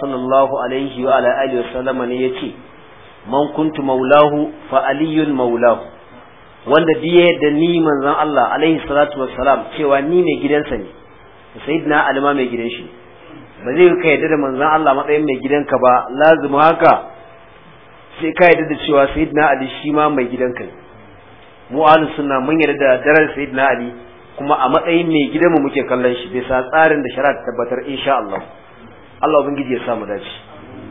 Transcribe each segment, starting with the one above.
sallallahu alaihi wa ala alihi wasallama ne yace man kuntu maulahu fa aliyun maulahu wanda biye da ni manzon Allah alaihi salatu wassalam cewa ni mai gidansa ne sayyidina alima mai gidan shi ba zai ka yarda da manzon Allah matsayin mai gidanka ba lazima haka sai ka da cewa sayyidina ali shi ma mai gidanka ne mu ahlus sunna mun yarda da daren sayyidina ali kuma a matsayin mai gidanmu muke kallon shi bisa tsarin da shari'a tabbatar insha Allah Allah ubangiji ya samu dace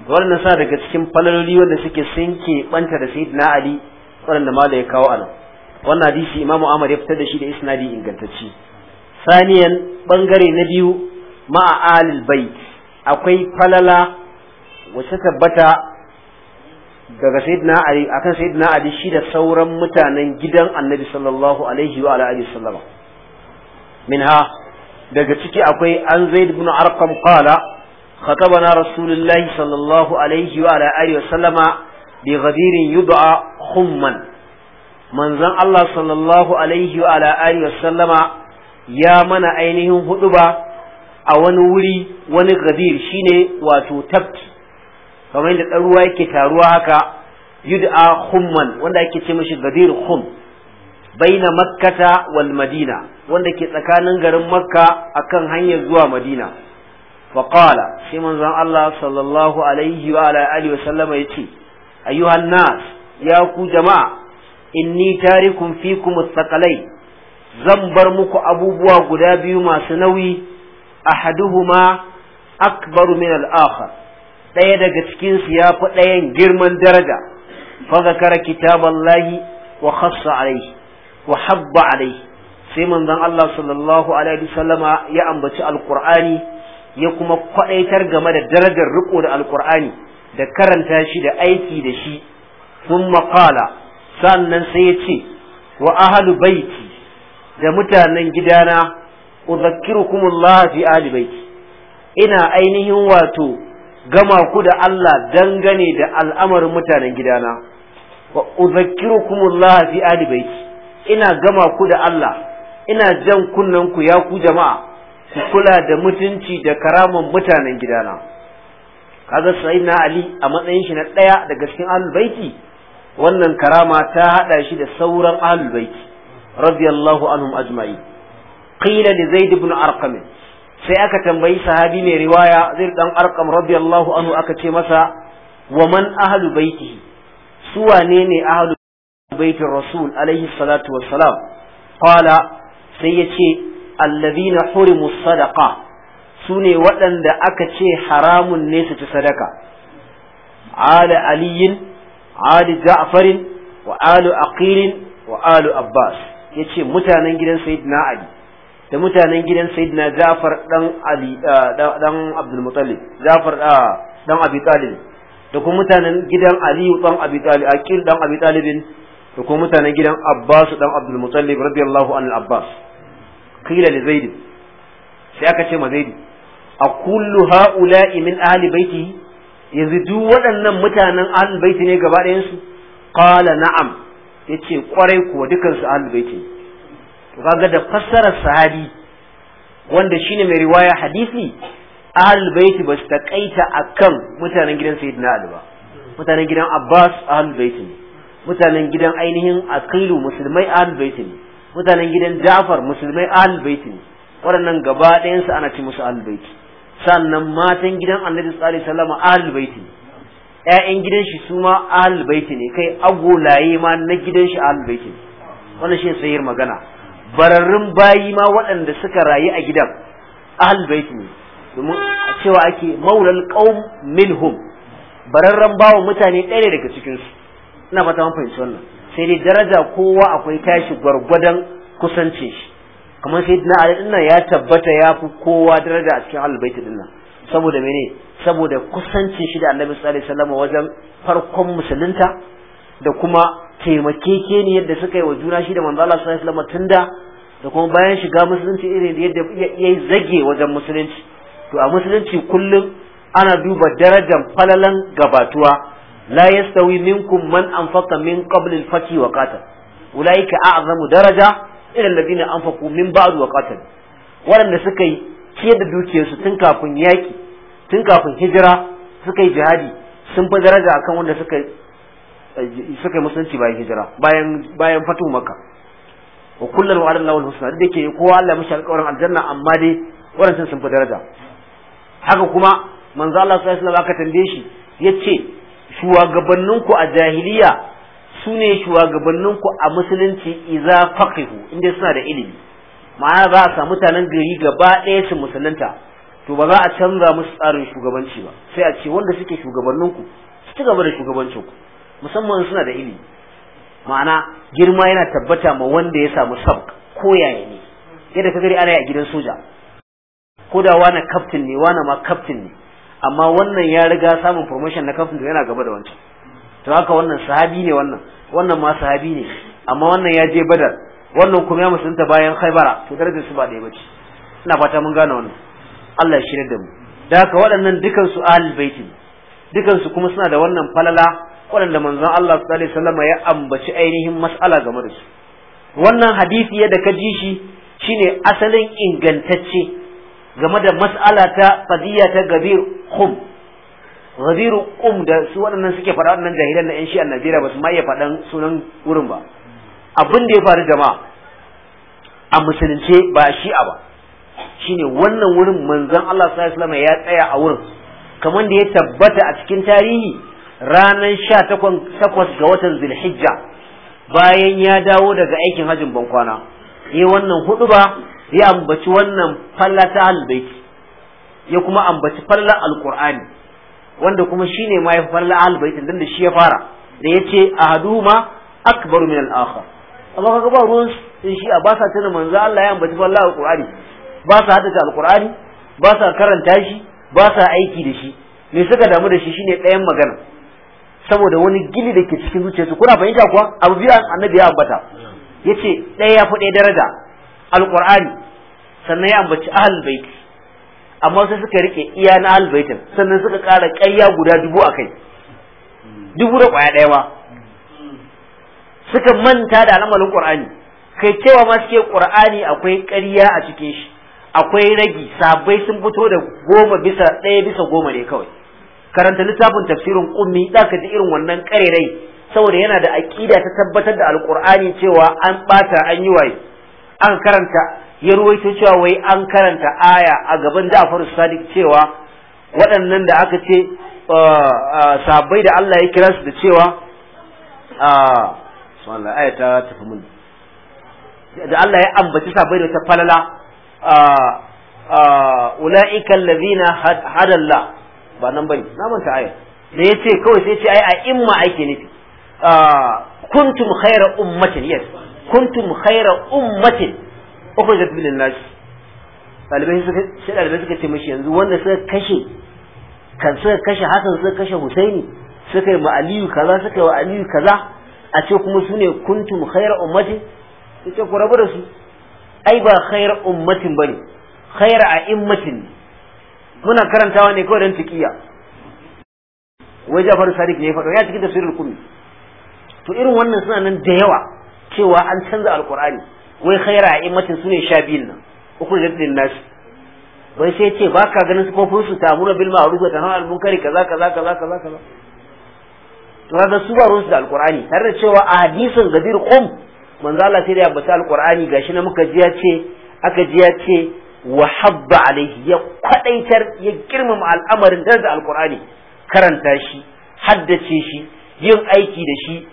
wannan sa daga cikin falaloli wanda suke sun banta da sayyidina Ali waɗanda mala ya kawo anan wannan hadisi Imam Ahmad ya fitar da shi da isnadi ingantacci saniyan bangare na biyu ma'a alil bait akwai falala wacce tabbata daga sayyidina ali akan sayyidina ali shi da sauran mutanen gidan annabi sallallahu alaihi wa alihi sallama minha daga ciki akwai an zaid ibn arqam qala خطبنا na الله صلى الله عليه وعلى آله وسلم بغدير يدعى خما من زن الله صلى الله عليه وعلى آله وسلم يا من أينهم a wani wuri wani gadir shine wato tafki kamar yadda ɗaruwa yake taruwa haka yud'a khumman wanda ake ce mashi gadir khum baina makkata wal madina wanda ke tsakanin garin makka akan hanyar zuwa madina faqala sai manzon Allah sallallahu alaihi wa ala alihi wasallama yace ayyuhan nas ku jama'a zan bar muku abubuwa guda biyu masu nauyi ahaduhuma akbaru min daga cikin su yafi girman daraja fa zakara wa khassa wa habba sai manzon Allah sallallahu alaihi wasallama ya ambaci alqur'ani ya kuma kwadaitar game da darajar riko da alqur'ani da karanta shi da aiki da shi sun maƙala sannan sai ya ce wa ahalu baiti da mutanen gidana udhakkirukumullah fi ahli baiti ina ainihin wato gama ku da Allah dangane da al'amarin mutanen gidana wa udhakkirukumullah fi ahli baiti ina gama ku da Allah ina jan kunnen ku ya ku jama'a ku kula da mutunci da karaman mutanen gidana kaga sayyidina ali a matsayin shi na daya daga cikin ahlul wannan karama ta haɗa shi da sauran ahlul baiti radiyallahu anhum ajma'i qila li zaid ibn arqam sai aka tambayi sahabi mai riwaya zaid dan arqam radiyallahu anhu aka ce masa wa man ahlu baitihi su wane ne ahlu baitin rasul alaihi salatu wassalam qala sai yace alladhina hurimu sadaqa ne waɗanda aka ce haramun ne su ci sadaka ala aliyin ali ja'farin wa alu aqilin wa alu abbas yace mutanen gidan sayyidina ali da mutanen gidan sayyidina ja'far dan ali dan abdul muttalib ja'far dan abi talib da kuma mutanen gidan ali dan abi talib aqil dan abi talibin da kuma mutanen gidan abbas dan abdul muttalib radiyallahu anhu abbas qila li zaid sai aka ce ma zaid a kullu haula'i min ahli baiti yanzu duk waɗannan mutanen ahli baiti ne gaba ɗayan su qala na'am yace kwarai kuwa dukan su ahli baiti to kaga da fassarar sahabi wanda shine mai riwaya hadisi ahli baiti ba su takaita akan mutanen gidan sayyidina ali ba mutanen gidan abbas ahli baiti ne mutanen gidan ainihin akilu musulmai ahli baiti ne mutanen gidan Ja'far musulmai ahlul ne waɗannan gaba ɗayansu ana ce musu albaiti sannan matan gidan Annabi sallallahu alaihi wasallam ahlul bait ne ƴaƴan gidan shi su ma ahlul ne kai agolaye ma na gidan shi ahlul ne wannan shi magana bararrun bayi ma waɗanda suka rayu a gidan ahlul ne domin cewa ake maulal qaum minhum bararren bawo mutane ɗaya daga cikinsu su ina fata mun fahimci wannan sai dai daraja kowa akwai tashi gwargwadon kusancin shi kamar sai na ali dinnan ya tabbata ya fi kowa daraja a cikin albaiti dinnan saboda mene saboda kusancin shi da annabi sallallahu alaihi wasallam wajen farkon musulunta da kuma ne yadda suka yi wa juna shi da manzo Allah sallallahu alaihi wasallam tunda da kuma bayan shiga musulunci irin yadda ya zage wajen musulunci to a musulunci kullum ana duba darajar falalan gabatuwa la yastawi minkum man anfaqa min kablin al-fath wa qatal ulaika a'zamu daraja ila alladhina anfaqu min ba'd wa qatal waɗanda suka yi ciyar da dukiyarsu tun kafin yaki tun kafin hijira suka jihadi sun fi daraja akan wanda suka suka yi musulunci bayan hijira bayan fatu makka wa kullal wa'ada Allahu al-husna da yake kowa Allah ya alƙawarin aljanna amma dai waɗannan sun fi daraja haka kuma manzo Allah sallallahu alaihi wasallam aka tambaye shi yace shugabanninku a jahiliya su ne shugabanninku a musulunci iza faqihu inda suna da ilimi ma'ana za a samu mutanen gari gaba ɗaya su musulunta to ba za a canza musu tsarin shugabanci ba sai a ce wanda suke shugabanninku su ci gaba da shugabancinku musamman suna da ilimi ma'ana girma yana tabbata ma wanda ya samu sabk ko yaya ne yadda ka gari ana yi a gidan soja ko da wani kaftin ne wani ma kaftin ne amma wannan ya riga samun promotion na kafin yana gaba da wancan to haka wannan sahabi ne wannan wannan ma sahabi ne amma wannan ya je badar wannan kuma ya musulunta bayan khaibara to darajar su ba da bace ina fata mun gane wannan Allah ya shirya da mu da haka waɗannan dukan su ahlul baiti dukan su kuma suna da wannan falala waɗanda manzon Allah sallallahu alaihi wasallam ya ambaci ainihin mas'ala game da su wannan hadisi yadda ka ji shi shine asalin ingantacce game da mas'ala ta fadiyya ta gabir khum gabir qum da su waɗannan suke faɗa waɗannan jahilan na yan shi'a Najeriya ba su ma iya faɗan sunan wurin ba abin da ya faru jama'a a musulunce ba shi'a ba shine wannan wurin manzon Allah sallallahu alaihi wasallam ya tsaya a wurin kamar da ya tabbata a cikin tarihi ranar sha takwas ga watan zulhijja bayan ya dawo daga aikin hajjin bankwana yi wannan hudu ba ya ambaci wannan falla ta albaiti ya kuma ambaci falla alqur'ani wanda kuma shine ma ya falla albaitin dan da shi ya fara da yace ahaduma akbaru min al-akhar amma kaga ba ruwan shi a ba sa tana manzo Allah ya ambaci falla alqur'ani ba sa hada da alqur'ani ba sa karanta shi ba sa aiki da shi me suka damu da shi shine ɗayan magana saboda wani gili da ke cikin zuciyarsu kuna fahimta kuwa abu biyu annabi ya ambata yace ɗaya ya fi ɗaya daraja alqur'ani sannan ya ambaci ahlul baiti amma sai suka rike iya na ahlul baitin sannan suka ƙara ƙayya guda dubu akai dubu da ƙwaya ɗaya ma suka manta da al'amalin qur'ani kai cewa ma suke qur'ani akwai ƙarya a cikin shi akwai ragi sabai sun fito da goma bisa ɗaya bisa goma ne kawai karanta littafin tafsirin ƙummi za ka ji irin wannan ƙarerai saboda yana da aƙida ta tabbatar da alƙur'ani cewa an ɓata an yi waye an karanta ya ruwaito cewa wai an karanta aya a gaban Ja'far Sadiq cewa waɗannan da aka ce uh, uh, sabai da Allah ya kira su da cewa uh, sallallahu aya ta tafi mun da Allah ya ambaci sabai da ta falala ulaika allazina hadalla ba nan bane na manta aya da yace kawai sai ce ai a imma ake nufi kuntum khayra ummatin yes kuntum khaira ummatin ukhrijat lin nas dalibai suka sai dalibai suka ce mishi yanzu wanda suka kashe kan suka kashe Hassan suka kashe Husaini suka yi ma Aliyu kaza suka yi wa Aliyu kaza a ce kuma sune kuntum khaira ummatin yace ku rabu da su ai ba khaira ummatin bane khaira a'immatin muna karantawa ne kawai dan tikiya wai Ja'far Sadiq ne ya faɗo ya cikin tafsirul Qur'ani to irin wannan suna nan da yawa cewa an canza alkur'ani wai khaira su sune sha biyun nan uku da din nasu wai sai ce ba ka ganin sufofin su ta'muru bil ma'ruf wa tanharu 'anil munkari kaza kaza kaza kaza kaza to su ba ruwansu da alkur'ani tare da cewa a hadisin gadir qum manzo Allah sai ya bata alkur'ani gashi na muka ji yace ce aka ji ya ce wa habba alaihi ya kwadaitar ya girmama al'amarin da alkur'ani karanta shi haddace shi yin aiki da shi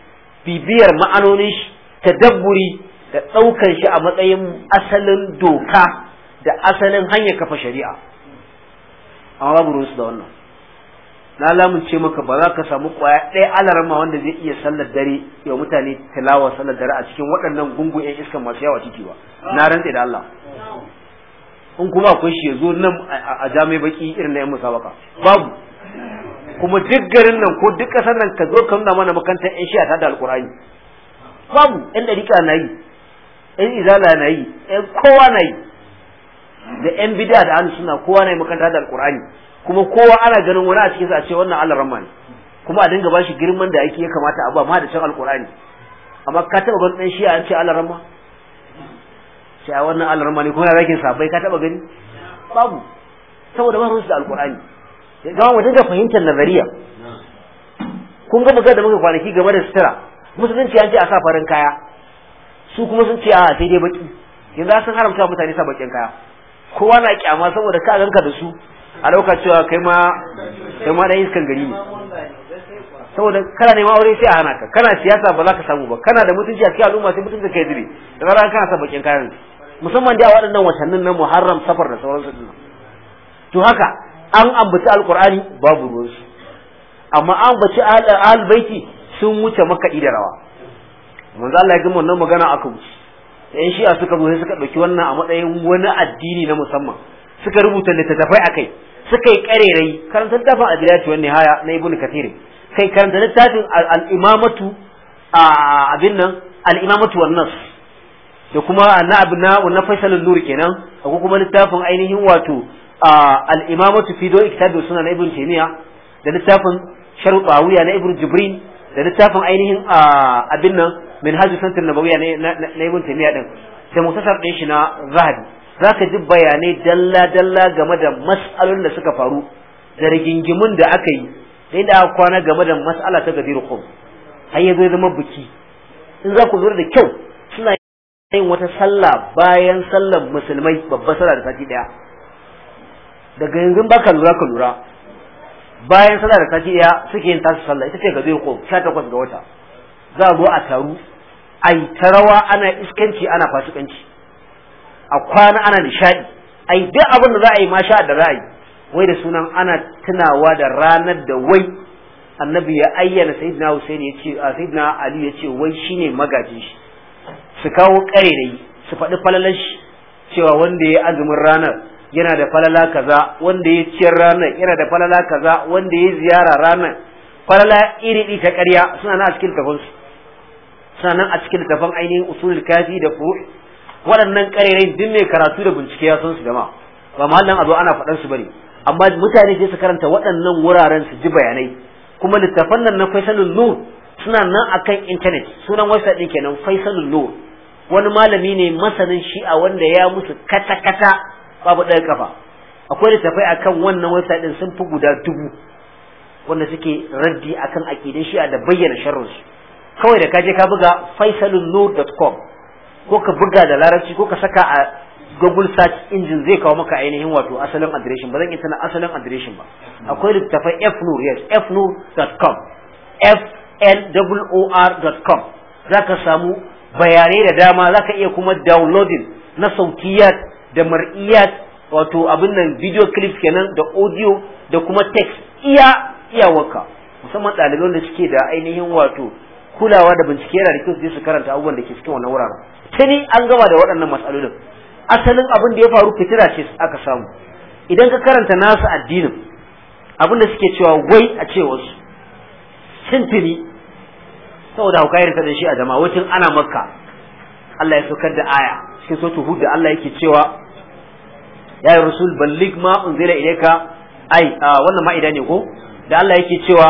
bibiyar ma'anonin shi tadabburi da ɗaukar shi a matsayin asalin doka da asalin hanyar kafa shari'a amma babu da wannan na ce maka ba za ka samu kwaya ɗaya alarma wanda zai iya sallar dare ya mutane tilawa sallar dare a cikin waɗannan gungun 'yan iskan masu yawa ciki ba na rantse da Allah in kuma akwai shi ya zo nan a jami'ai baki irin na 'yan musabaka babu kuma duk garin nan ko duk ƙasar nan ka zo ka nuna mana makarantar 'yan shi'a ta da alƙur'ani babu yan dariƙa na yi yan izala na yi yan kowa na yi da yan bid'a da ahlus sunna kowa na yi makaranta da alqur'ani kuma kowa ana ganin wani a cikin sa a ce wannan Allah rahman kuma a dinga bashi girman da ake ya kamata a ba ma da can alqur'ani amma ka taba ganin dan shi'a an ce Allah rahman sai a wannan Allah rahman ne kuma zakin sabai ka taba gani babu saboda ba su da alqur'ani ga mu dinga fahimtar nazariya kun ga magana da muka kwanaki game da sutura musulunci an ce a sa farin kaya su kuma sun ce a sai dai baki yanzu sun haramta mutane sa bakin kaya kowa na kyama saboda ka ganka da su a dauka cewa kai ma kai ma dan iskan gari ne saboda kana neman aure sai a hana ka kana siyasa ba za ka samu ba kana da mutunci a cikin al'umma sai mutunci kai zube da zarar kana sa bakin kayan musamman da waɗannan watannin na Muharram Safar da sauransu din to haka an ambaci alqur'ani babu ruwansu amma an ambaci al-baiti sun wuce makaɗi da rawa manzo Allah ya gama wannan magana aka wuce yan shi'a suka zo suka ɗauki wannan a matsayin wani addini na musamman suka rubuta littattafai a kai suka yi ƙarerai karanta littafin adilati wannan haya na ibn kathir kai karanta littafin al-imamatu abin nan al-imamatu wan nas da kuma na abin na wannan faisalun nur kenan akwai kuma littafin ainihin wato al-imamatu fi do'i Kitabu, sunna na ibn taymiya da littafin sharu na ibn jibrin da littafin ainihin abin nan minhajus santin nabawiyya na ibn miya din da mutasar ɗin shi na zahabi ka ji bayanai dalla dalla game da matsalolin da suka faru da rigingimun da aka yi da inda aka kwana game da mas'ala ta gabi rukun har ya zama biki in za ku lura da kyau suna yin wata sallah bayan sallar musulmai babbar sallah da sati ɗaya. daga yanzu ba ka lura ka lura bayan sallah da sati daya suke yin tasu sallah ita ce ga zai ko 18 ga wata za a zo a taru ai ta rawa ana iskanci ana fasikanci a kwana ana nishadi ai duk abin da za a yi ma sha da ra'ayi wai da sunan ana tunawa da ranar da wai annabi ya ayyana sayyidina Hussein ya ce a sayyidina Ali ya ce wai shine magajin shi su kawo kare da yi su faɗi falalar cewa wanda ya azumin ranar yana da falala kaza wanda ya ciyar ranar yana da falala kaza wanda ya ziyara ranar falala iri iri ta ƙarya suna nan a cikin tafan su suna nan a cikin tafan ainihin usulul kafi da ku waɗannan ƙarerai duk mai karatu da bincike ya san su dama ba a zo ana faɗan su bane amma mutane sai su karanta waɗannan wuraren su ji bayanai kuma littafan nan na faisalul Nur suna nan akan internet sunan wasa ɗin kenan faisalul Nur wani malami ne masanin shi'a wanda ya musu kata kata babu ɗaya kafa akwai littafai akan wannan website din sun fi guda dubu wanda suke raddi akan akidin shi'a da bayyana sharrinsu kawai da kaje ka buga faisalunno.com ko ka buga da larabci ko ka saka a google search engine zai kawo maka ainihin wato asalin adireshin ba zan yi tana asalin adireshin ba akwai littafai fnur yes fnur.com flor.com za ka samu bayanai da dama za ka iya kuma downloading na sautiyar da mar'iyat wato abin nan video clip kenan da audio da kuma text iya iyawarka musamman ɗaliban da suke da ainihin wato kulawa da bincike yana da kyau su je su karanta abubuwan da ke cikin wannan wuraren tuni an gaba da waɗannan matsalolin asalin abin da ya faru fitira ce aka samu idan ka karanta nasu addinin abin da suke cewa wai a ce wasu tuni saboda hauka irin kadan shi a jama'a wacin ana makka Allah ya saukar da aya cikin sautu hudu da Allah yake cewa ya yi rasul ballig ma unzila ilayka ai wannan ma'ida ne ko da Allah yake cewa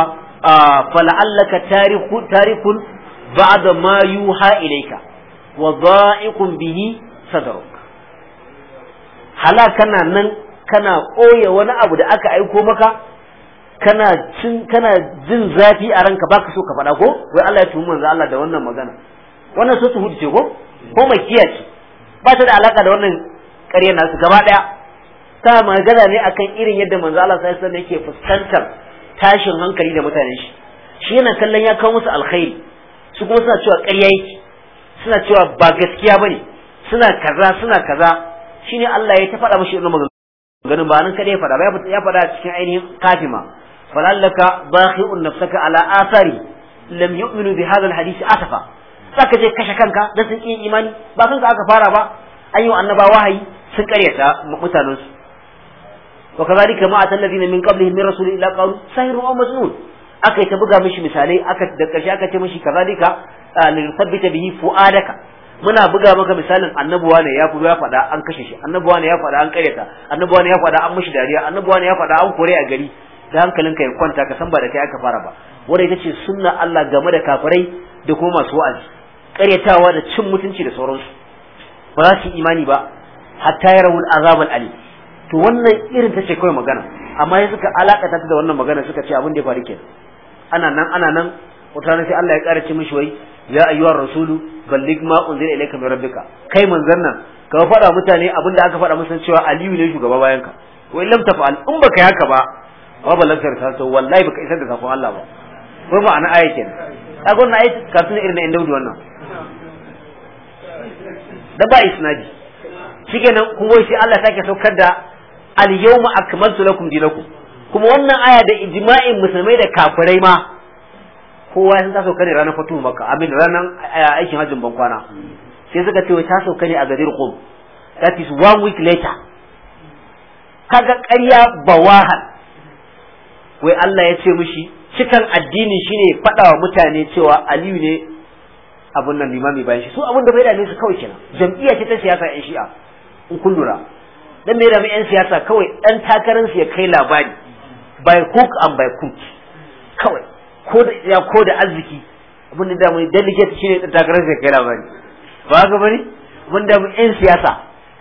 fala'allaka tarihu tarikun ba'da ma yuha ilayka wa dha'iqun bihi sadruk hala nan kana koya wani abu da aka aiko maka kana cin kana jin zafi a ranka baka so ka faɗa ko wai Allah ya tuhumi manzo Allah da wannan magana wannan so tuhu ce ko ko makiya ce ba ta da alaka da wannan ƙarya nasu gaba ɗaya ta magana ne akan irin yadda manzo Allah sai sallallahu yake fuskantar tashin hankali da mutanen shi shi yana kallon ya kawo musu alkhairi su kuma suna cewa ƙarya yake suna cewa ba gaskiya bane suna kaza suna kaza shine Allah ya ta faɗa mashi irin maganganun ba nan kada ya faɗa ba ya faɗa cikin ainihin kafima falallaka bakhi'un nafsaka ala athari lam yu'minu bi hadha alhadith asafa zaka je kashe kanka da sun imani ba kanka aka fara ba an yi annabawa wahayi sun karyata mutanensu su wa kazalika ma atal ladina min qablihi min rasul illa qalu sahiru wa majnun aka yi ta buga mishi misalai aka da karshe aka ce mishi kazalika lin thabbita bihi fuadaka muna buga maka misalin annabuwa ne ya ya faɗa an kashe shi annabuwa ne ya faɗa an karyata annabuwa ne ya faɗa an mishi dariya annabuwa ne ya faɗa an kore a gari da hankalinka ya kwanta ka san ba da kai aka fara ba wanda ita ce sunna Allah game da kafirai da kuma masu wa'azi karyatawa da cin mutunci da sauransu ba za su imani ba hatta yarawul azab al ali to wannan irin ta ce kawai magana amma ya suka alakata ta da wannan magana suka ce abin da ya faru ke. ana nan ana nan wata sai Allah ya karace mishi wai ya ayyuhar rasulu balligh ma unzila ilayka min rabbika kai manzon nan ka faɗa mutane abin da aka faɗa musu cewa aliyu ne shugaba bayan ka wa illam tafal in baka haka ba wa ta to wallahi baka isar da sakon Allah ba ko ma'ana ana kenan kaga wannan aya ka tuna irin na inda wannan da ba isnadi shikenan wai shi Allah sake saukar da al-yawma akmaltu lakum dinakum kuma wannan aya da ijma'in musulmai da kafirai ma kowa sun ta sauka ne ranar fatu maka amin ranar eh, aikin hajjin bankwana sai suka ce ta sauka ne a gadir qum that is one week later kaga ƙarya bawahan wai Allah ya ce mishi cikan addini shine faɗa wa mutane cewa Aliyu ne abun nan limami bayan shi su abun da bai dame su kawai kenan jam'iyya ce ta siyasa yan shi'a in kun lura dan me da mu yan siyasa kawai dan takarar su ya kai labari by hook and by crook kawai ko da ya ko da arziki abin da mu delegate shine dan takarar su ya kai labari ba ga bari mun da mu yan siyasa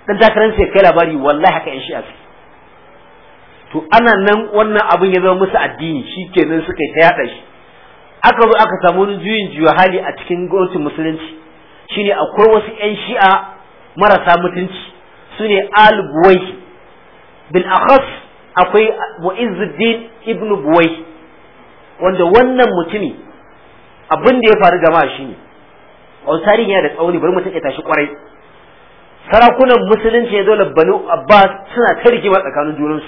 dan takarar su ya kai labari wallahi haka yan shi'a to ana nan wannan abin ya zama musu addini shikenan suka yi ta yada shi aka zo aka samu wani juyin juya hali a cikin gwamnatin musulunci shine akwai wasu yan shi'a marasa mutunci sune al buwai bil akhas akwai mu'izzuddin ibn buwai wanda wannan mutumi abin da ya faru jama'a shine wani tarihi yana da tsauni bari mu take tashi kwarai sarakunan musulunci ya dole banu abbas suna ta rigima tsakanin junansu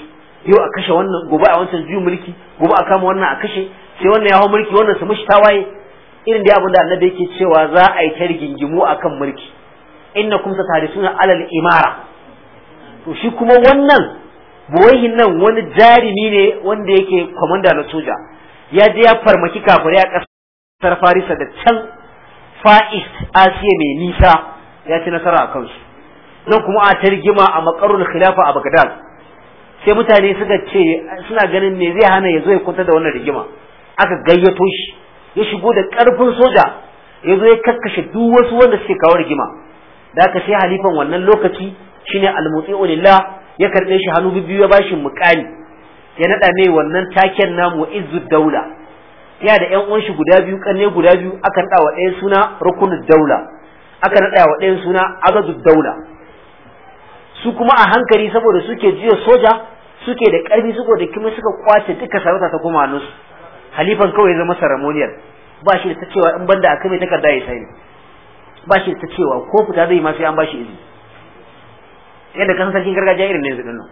yau a kashe wannan gobe a wancan juyin mulki gobe a kama wannan a kashe sai wannan ya hau mulki wannan su mushi tawaye irin da abin da annabi yake cewa za a yi ta rigingimu akan mulki innakum satarisuna alal imara to shi kuma wannan buwaihin nan wani jarumi ne wanda yake kwamanda na soja ya je ya farmaki kafirai a ƙasar farisa da can fa'is asiya mai nisa ya ci nasara a kansu nan kuma a ta a makarul khilafa a bagdad sai mutane suka ce suna ganin me zai hana ya zo ya kwanta da wannan rigima aka gayyato shi ya shigo da ƙarfin soja ya zo ya kakkashe duk wasu wanda suke kawo rigima da aka sai halifan wannan lokaci shine almuti'u lillah ya karbe shi hannu biyu ya bashi mukani ya nada mai wannan taken namu izzu daula ya da yan uwan shi guda biyu kanne guda biyu aka nada wa ɗaya suna rukunud daula aka nada wa ɗaya suna azadud daula su kuma a hankali saboda suke jiya soja suke da ƙarfi saboda kuma suka kwace duka sarauta ta kuma hannunsu halifan kawai ya zama saramoniyar ba shi da ta cewa in banda a mai takarda ya sai ba shi da ta cewa ko fita zai ma sai an ba shi izini yadda kasan sarkin gargajiya irin ne zuɗin nan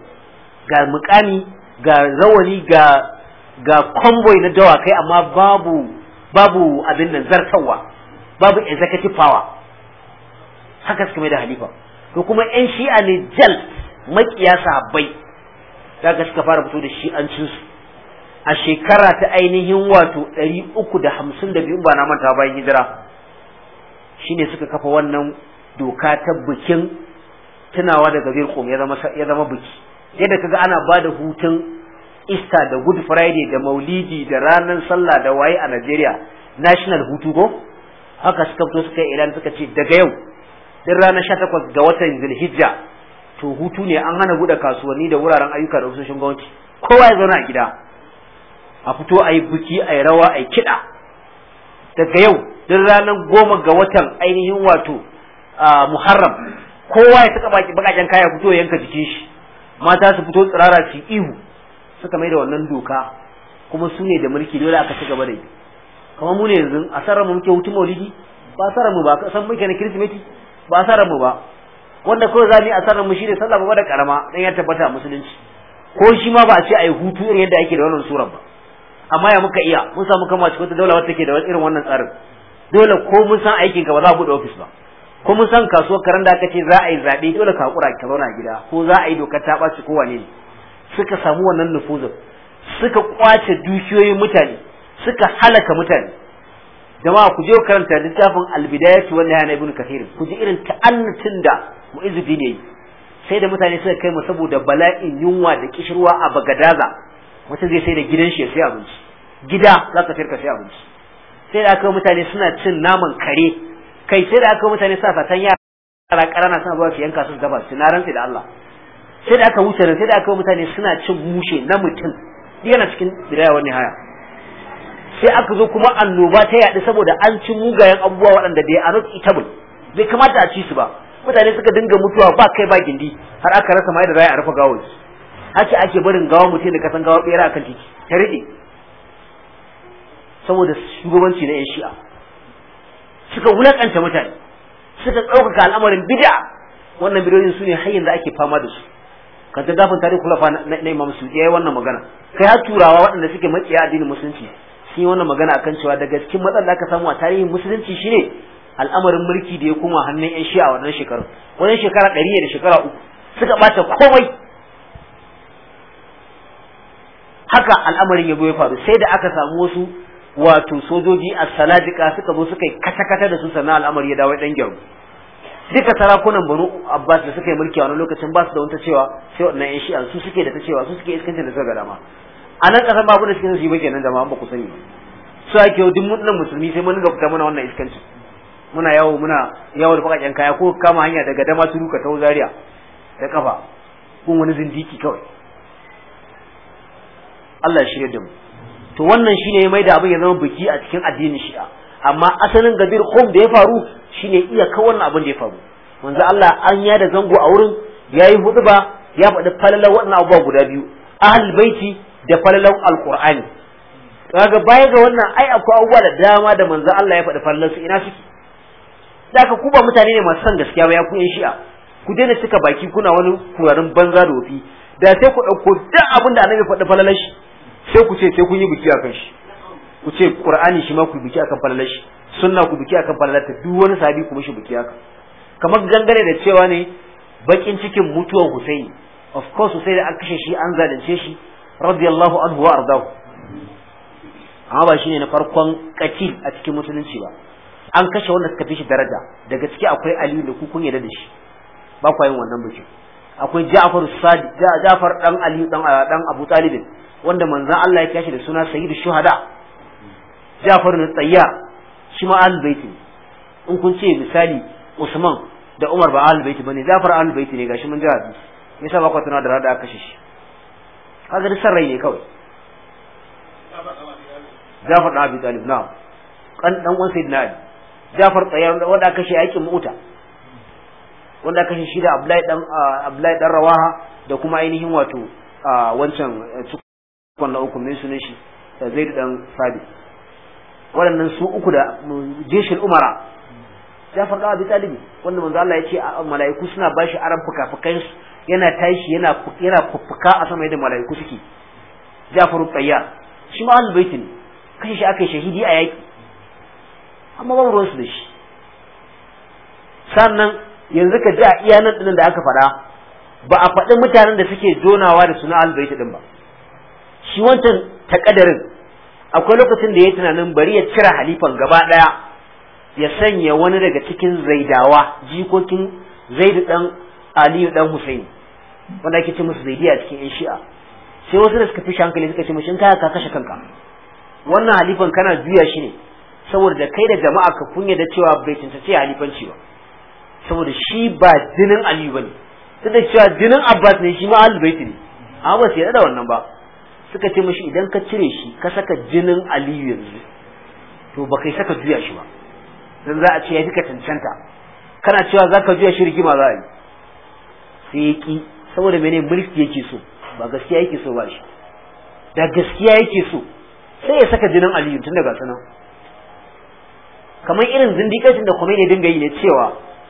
ga mukami ga rawani ga ga na na dawakai amma babu abin nan zartawa babu executive power haka suka mai da halifa to kuma yan shi'a ne jal makiya sahabbai daga suka fara fito da shiancinsu. a shekara ta ainihin wato 352 ba na manta bayan hijira shine suka kafa wannan doka ta bikin tunawa daga zai kome ya zama biki yadda kaga ana da hutun Easter da Good Friday da Maulidi da ranar sallah da waye a nigeria national hutu ko haka suka fito suka yi ilan suka ce daga yau din ranar sha takwas ga watan Zulhijja to hutu ne an hana buɗe kasuwanni da wuraren ayyuka da ofisoshin gwamnati kowa ya zauna a gida a fito a yi biki a yi rawa a yi kiɗa daga yau din ranar goma ga watan ainihin wato ah, muharram kowa ya saka baki bakaken kaya fito yanka jikin shi mata su fito tsirara su ihu suka mai da wannan doka kuma su ne da mulki dole aka ci gaba da yi kamar mu ne yanzu a mu muke hutun maulidi ba sarrafa ba san muke na kirsimeti ba sarrafa ba wanda kawai za yi a sarrafa shi ne sallah ba da karama dan ya tabbata musulunci ko shi ma ba a ce a yi hutu irin yadda ake da wannan surar ba amma ya muka iya mun samu kama cikin wata daula wata take da irin wannan tsarin dole ko mun san aikin ka ba za a buɗe ofis ba ko san kasuwar karen da aka ce za a yi zaɓe dole ka haƙura ka zauna gida ko za a yi dokar ta ɓaci ko wane ne suka samu wannan nufuzin suka kwace dukiyoyin mutane suka halaka mutane jama'a ku je karanta littafin albidayatu wanda yana ibn kathir ku ji irin ta'annatin da mu'izzuddin yayi sai da mutane suka kai mu saboda bala'in yunwa da kishirwa a bagadaza mutum zai sai da gidan shi ya sai abinci gida za ka sai abinci sai da aka mutane suna cin naman kare kai sai da aka mutane sa fatan yara karana suna zuwa su yanka su gaba su na rantsi da Allah sai da aka wuce nan sai da aka mutane suna cin mushe na mutum yana cikin bidaya wani haya sai aka zo kuma annoba ta yaɗu saboda an ci mugayen abubuwa waɗanda da a not eatable bai kamata a ci su ba mutane suka dinga mutuwa ba kai ba gindi har aka rasa mai da za a rufe gawar haka ake barin gawa mutum da kasan gawar bera akan titi ta rike saboda shugabanci na yan shi'a suka wulakanta mutane suka ɗaukaka al'amarin bid'a wannan bidiyoyin su ne da ake fama da su kan ta gafin tarihi kulafa na imam su yayi wannan magana kai har turawa waɗanda suke matsiya addinin musulunci sun yi wannan magana akan cewa daga cikin matsalar da aka samu a tarihin musulunci shine al'amarin mulki da ya koma hannun yan shi'a wannan shekarun wannan shekara ɗari da shekara uku suka ɓata komai haka al'amarin ya ya faru sai da aka samu wasu wato sojoji a saladika suka zo suka yi kata-kata da su sana al'amari ya dawo dan gyaru duka sarakunan banu abbas da suka yi mulki a wani lokacin ba su da wata cewa sai waɗannan yan shi'a su suke da ta cewa su suke iskanci da suka dama a nan ƙasar babu da suke su yi ba kenan jama'a ba ku sani su ake yau duk mutunan musulmi sai mun gabata mana wannan iskanci muna yawo muna yawo da bakakken kaya ko kama hanya daga dama turu ka tawo zaria da kafa kun wani zindiki kawai Allah shi ya damu to wannan shine ya maida abin ya zama biki a cikin addinin shi'a amma asalin gadir khum da ya faru shine ka wannan abin da ya faru manzo Allah an ya da zango a wurin yayi hudba ya faɗi falalar wannan abubuwa guda biyu ahlul baiti da falalar alqur'ani kaga baya ga wannan ai akwai abubuwa da dama da manzo Allah ya faɗi falalar su ina suke da ka ku ba mutane ne masu san gaskiya ba ya ku yan shi'a ku daina cika baki kuna wani kurarin banza da wofi da sai ku ɗauko duk abin da annabi faɗi falalar shi sai ku ce sai kun yi biki akan shi ku ce qur'ani shi ma ku biki akan falalar shi sunna ku biki akan falalar ta duk wani sahabi ku mishi biki akan kamar gangare da cewa ne bakin cikin mutuwar Husaini of course da an kashe shi an zalunce shi radiyallahu anhu wa ardahu amma ba shine na farkon katil a cikin musulunci ba an kashe wanda suka fi shi daraja daga ciki akwai Ali da ku kun yarda da shi ba ku yin wannan bikin akwai Ja'far Sadiq Ja'far dan Ali dan dan Abu Talib wanda manzan Allah ya kyashi da suna sayyidu shuhada Ja'far na tsayya shi ma ahlul in kun ce misali Usman da Umar ba ahlul ba bane Ja'far ahlul bait ne gashi mun ji hadisi me yasa ba ku tana da rada aka kashe shi kaga da sarrai ne kawai Ja'far da Abi Talib na'am kan dan uwan sayyidina Ali Ja'far tsayya wanda aka kashe yakin mu'uta wanda aka kashe shi da Abdullahi dan ah, Abdullahi dan Rawaha da kuma ainihin wato ah, wancan eh, Wannan uku min sunan shi da eh, zaidu dan sabi waɗannan su uku da jeshin umara ya faɗa abi talibi wanda manzo Allah ya ce mala'iku suna bashi aran fuka-fukan yana tashi yana yana fuka a sama yadda mala'iku suke Ja'far Tayyar shi ma al baitin kashi shi akai shahidi a yaki amma ba ruwan su da shi sannan yanzu ka ji a iyanan nan da aka faɗa ba a faɗi mutanen da suke donawa da suna al baitin din ba shi wancan kadarin akwai lokacin da ya yi tunanin bari ya cire halifan gaba ɗaya ya sanya wani daga cikin zaidawa jikokin zaidu dan aliyu dan husaini wanda ake ce musu zaidiya a cikin yan shi'a sai wasu da suka fi shankali suka ce mashi in kaya ka kashe kanka wannan halifan kana juya shi ne saboda kai da jama'a ka kunya da cewa bai cancanci halifanci ba saboda shi ba jinin aliyu bane duk da cewa jinin abbas ne shi ma ahlul ne amma ba su yarda da wannan ba suka ce mashi idan ka cire shi ka saka jinin aliyu yanzu to ba kai saka juya shi ba dan za a ce ya fi ka cancanta kana cewa za ka juya shi rigima za a yi sai ya ki saboda mene mulki yake so ba gaskiya yake so ba shi da gaskiya yake so sai ya saka jinin aliyu tun daga sanan kamar irin zindikacin da kuma ne dinga yi ne cewa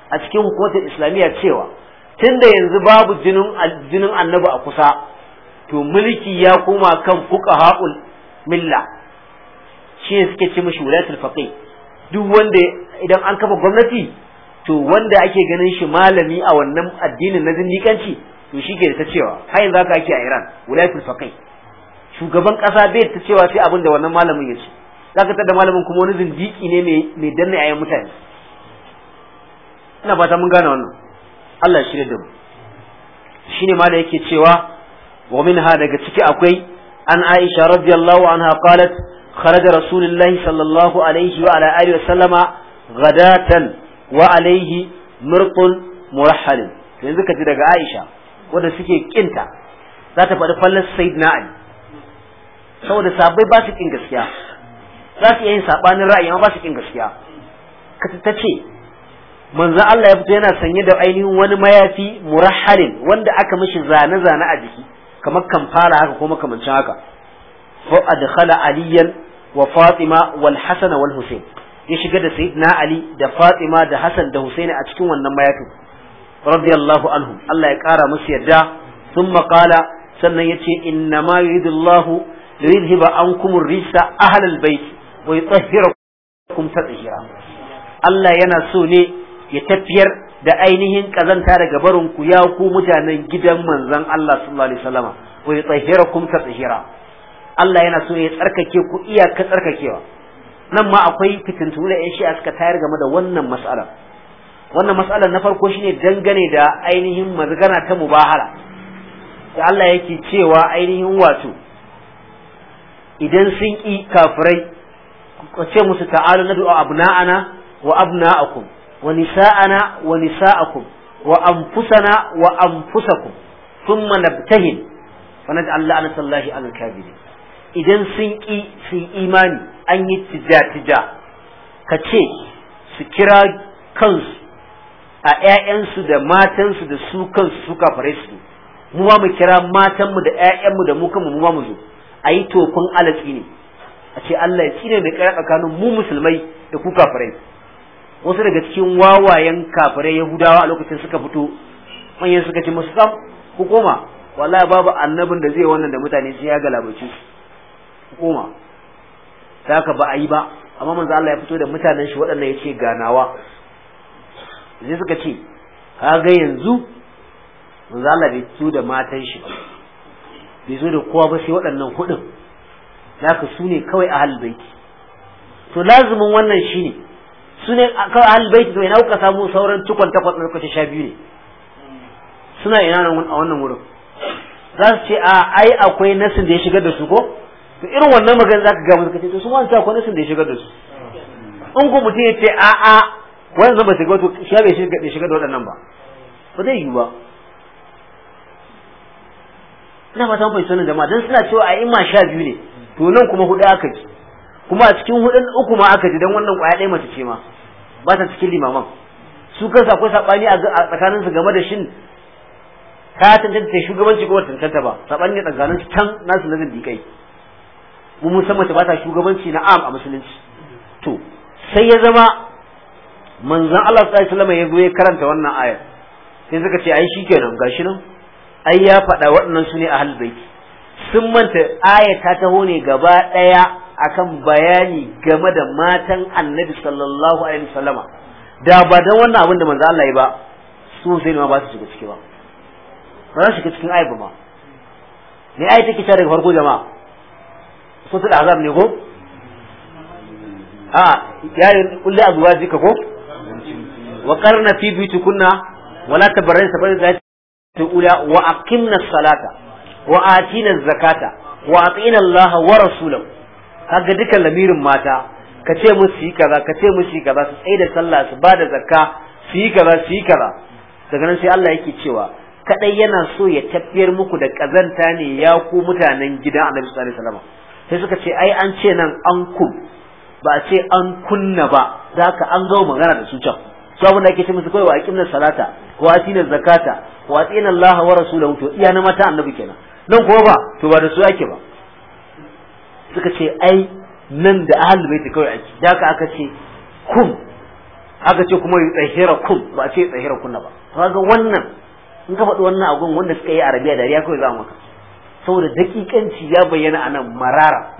a cikin hukumar islamiyya cewa tun da yanzu babu jinin jinin annabi a kusa to mulki ya koma kan fuqaha'ul milla shi ne suke ce mishi wulatul faqih duk wanda idan an kafa gwamnati to wanda ake ganin shi malami a wannan addinin na zindiƙanci to shi ke da ta cewa har yanzu haka ake a Iran wulatul faqih shugaban ƙasa bai ta cewa sai abin da wannan malamin ya ce zaka tada malamin kuma wani zindiki ne mai danna ayan mutane ina fata mun gane wannan Allah ya shirya da mu shine ma da yake cewa wa ha daga ciki akwai an Aisha radiyallahu anha qalat kharaja rasulullahi sallallahu alaihi wa ala wa sallama ghadatan wa alaihi murqun murahhalin yanzu ka daga Aisha wanda suke kinta za ta faɗi fallas sayyidina Ali saboda sabai ba su gaskiya za su iya yin saɓanin ra'ayi amma ba su gaskiya ka ta ce manzo Allah ya fito yana sanye da ainihin wani mayafi murahhalin wanda aka mashi zane-zane a jiki kamar kan fara haka ko makamancin haka fa adkhala aliyan wa fatima wal hasan wal husain ya shiga da sayyidina ali da fatima da hasan da husaini a cikin wannan mayakin radiyallahu anhum Allah ya kara musu yadda thumma qala sannan yace inna ma yuridullahu liyuzhiba ankum ar-rijsa ahlal bayt wa yutahhirakum tatahira Allah yana so ne ya tafiyar da ainihin kazanta daga barin ku ya ku mutanen gidan manzon Allah sallallahu alaihi wasallama wa ta tatahira Allah yana so ya tsarkake ku iyaka tsarkakewa nan ma akwai fitintu da yan shi'a suka tayar game da wannan mas'ala wannan mas'alar na farko shine dangane da ainihin magana ta mubahala da Allah yake cewa ainihin wato idan sun ki kafirai ku ce musu ta'alu nadu abna'ana wa abna'akum wa nisa'ana wa nisa'akum wa anfusana wa anfusakum thumma nabtahil fa naj'al la'nata Allahi 'alal kafirin idan sun ki su imani an yi tija tija ka ce su kira kansu a su da matansu da su kansu su ka kafare su mu ma mu kira matanmu da mu da mu kanmu mu ma mu zo a yi tofin alatsi ne a ce Allah ya tsine mai kara tsakanin mu musulmai da ku kafirai wasu daga cikin wawayen kafirai yahudawa a lokacin suka fito manyan suka ce musu sam hukuma wallahi babu annabin da zai wannan da mutane sai ya galabaci hukuma ta ka ba a yi ba amma manzo Allah ya fito da mutanen shi waɗannan ya ce ganawa sai suka ce ka ga yanzu manzo Allah bai fito da matan shi bai zo da kowa ba sai waɗannan kuɗin zaka su ne kawai a baiti to lazumin wannan shine su ne kawai ahlul to ina kuka samu sauran cikon takwas na kuka sha biyu ne suna ina nan a wannan wurin za su ce a ai akwai nasin da ya shigar da su ko to irin wannan magana zaka ga musu kace to su ma akwai nasin da ya shigar da su in ku mutum ya ce a a wanda ba su ga to sha bai shigar da shigar da waɗannan ba ba zai yi ba ina fatan fahimci wannan jama'a dan suna cewa a imma sha biyu ne to nan kuma hudu aka ci kuma a cikin hudun uku ma aka ji dan wannan kwaya ɗaya mace ce ma ba ta cikin limaman su kansu akwai sabani a tsakanin su game da shin ka tantance ta shugabanci ko tantance ba sabani ne tsakanin su can nasu na dikai mu musamman ta ba ta shugabanci na am a musulunci to sai ya zama manzon Allah sallallahu alaihi wasallam ya zo ya karanta wannan ayar sai suka ce ai shikenan gashi nan ai ya faɗa waɗannan su ne a halbaiki sun manta aya ta taho ne gaba ɗaya akan bayani game da matan annabi sallallahu alaihi wasallama da ba dan wannan abin da manzo Allah ya ba su sai ma ba su shiga ciki ba ba su shiga cikin ayyuka ba ma ne ayyuka take tare daga farko jama'a su da azab ne ko a ya kulli ka ko wa qarna fi kunna. wala da ta ula wa aqimna salata wa atina zakata wa atina Allah wa rasulahu kaga duka lamirin mata ka ce musu yi kaza ka ce musu yi kaza su tsaye da sallah su ba da zakka su yi kaza su yi kaza daga nan sai Allah yake cewa kadai yana so ya tafiyar muku da kazanta ne ya ku mutanen gidan Annabi sallallahu alaihi wasallam sai suka ce ai an ce nan an kun ba a ce an kunna ba ka an gawo magana da su can su abin da ake ce musu kawai wa aqimna salata wa atina zakata wa atina Allah wa rasulahu to iya na mata annabi kenan nan kuma ba to ba da su ake ba suka ce ai nan da bai baiti kawai ake da haka aka ce kum aka ce kuma yi tsahira kum ba a ce tsahira kunna ba ga wannan in ka faɗi wannan agun wanda suka yi arabiya dariya kawai za maka saboda dakikanci ya bayyana a nan marara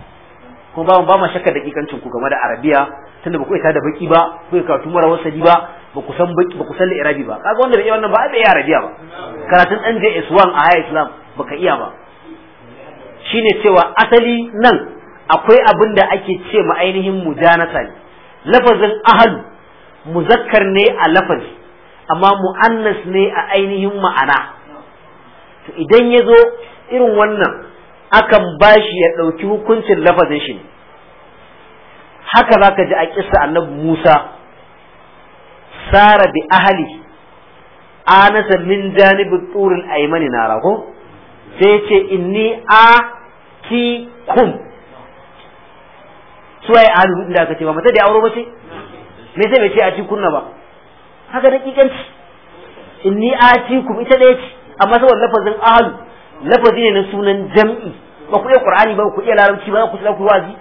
kuma ba ma shakka dakikancin ku game da arabiya tunda ba ku ita da baki ba ku ka tumara wasali ba ba ku san baki ba ku san irabi ba kaga wanda bai wannan ba a bai arabiya ba karatun dan JS1 a high Islam baka iya ba shine cewa asali nan akwai abin da ake ce ma ainihin mujanasa ne lafazin ahalu muzakkar ne a lafazi amma mu'annas ne a ainihin ma'ana to idan ya zo irin wannan akan bashi ya ɗauki hukuncin lafazin shi ne haka za ka ji a kisa annabi Musa sara bi ahali anasa min janibin turul aimani na sai ce inni a ki kum su waye ahlul inda aka ce ba mata da aure ba ce me sai bai ce a ci kunna ba haka da kikanci inni ku ita da ce amma saboda lafazin ahlu lafazi ne na sunan jam'i ba ku iya qur'ani ba ku iya larabci ba ku ku wazi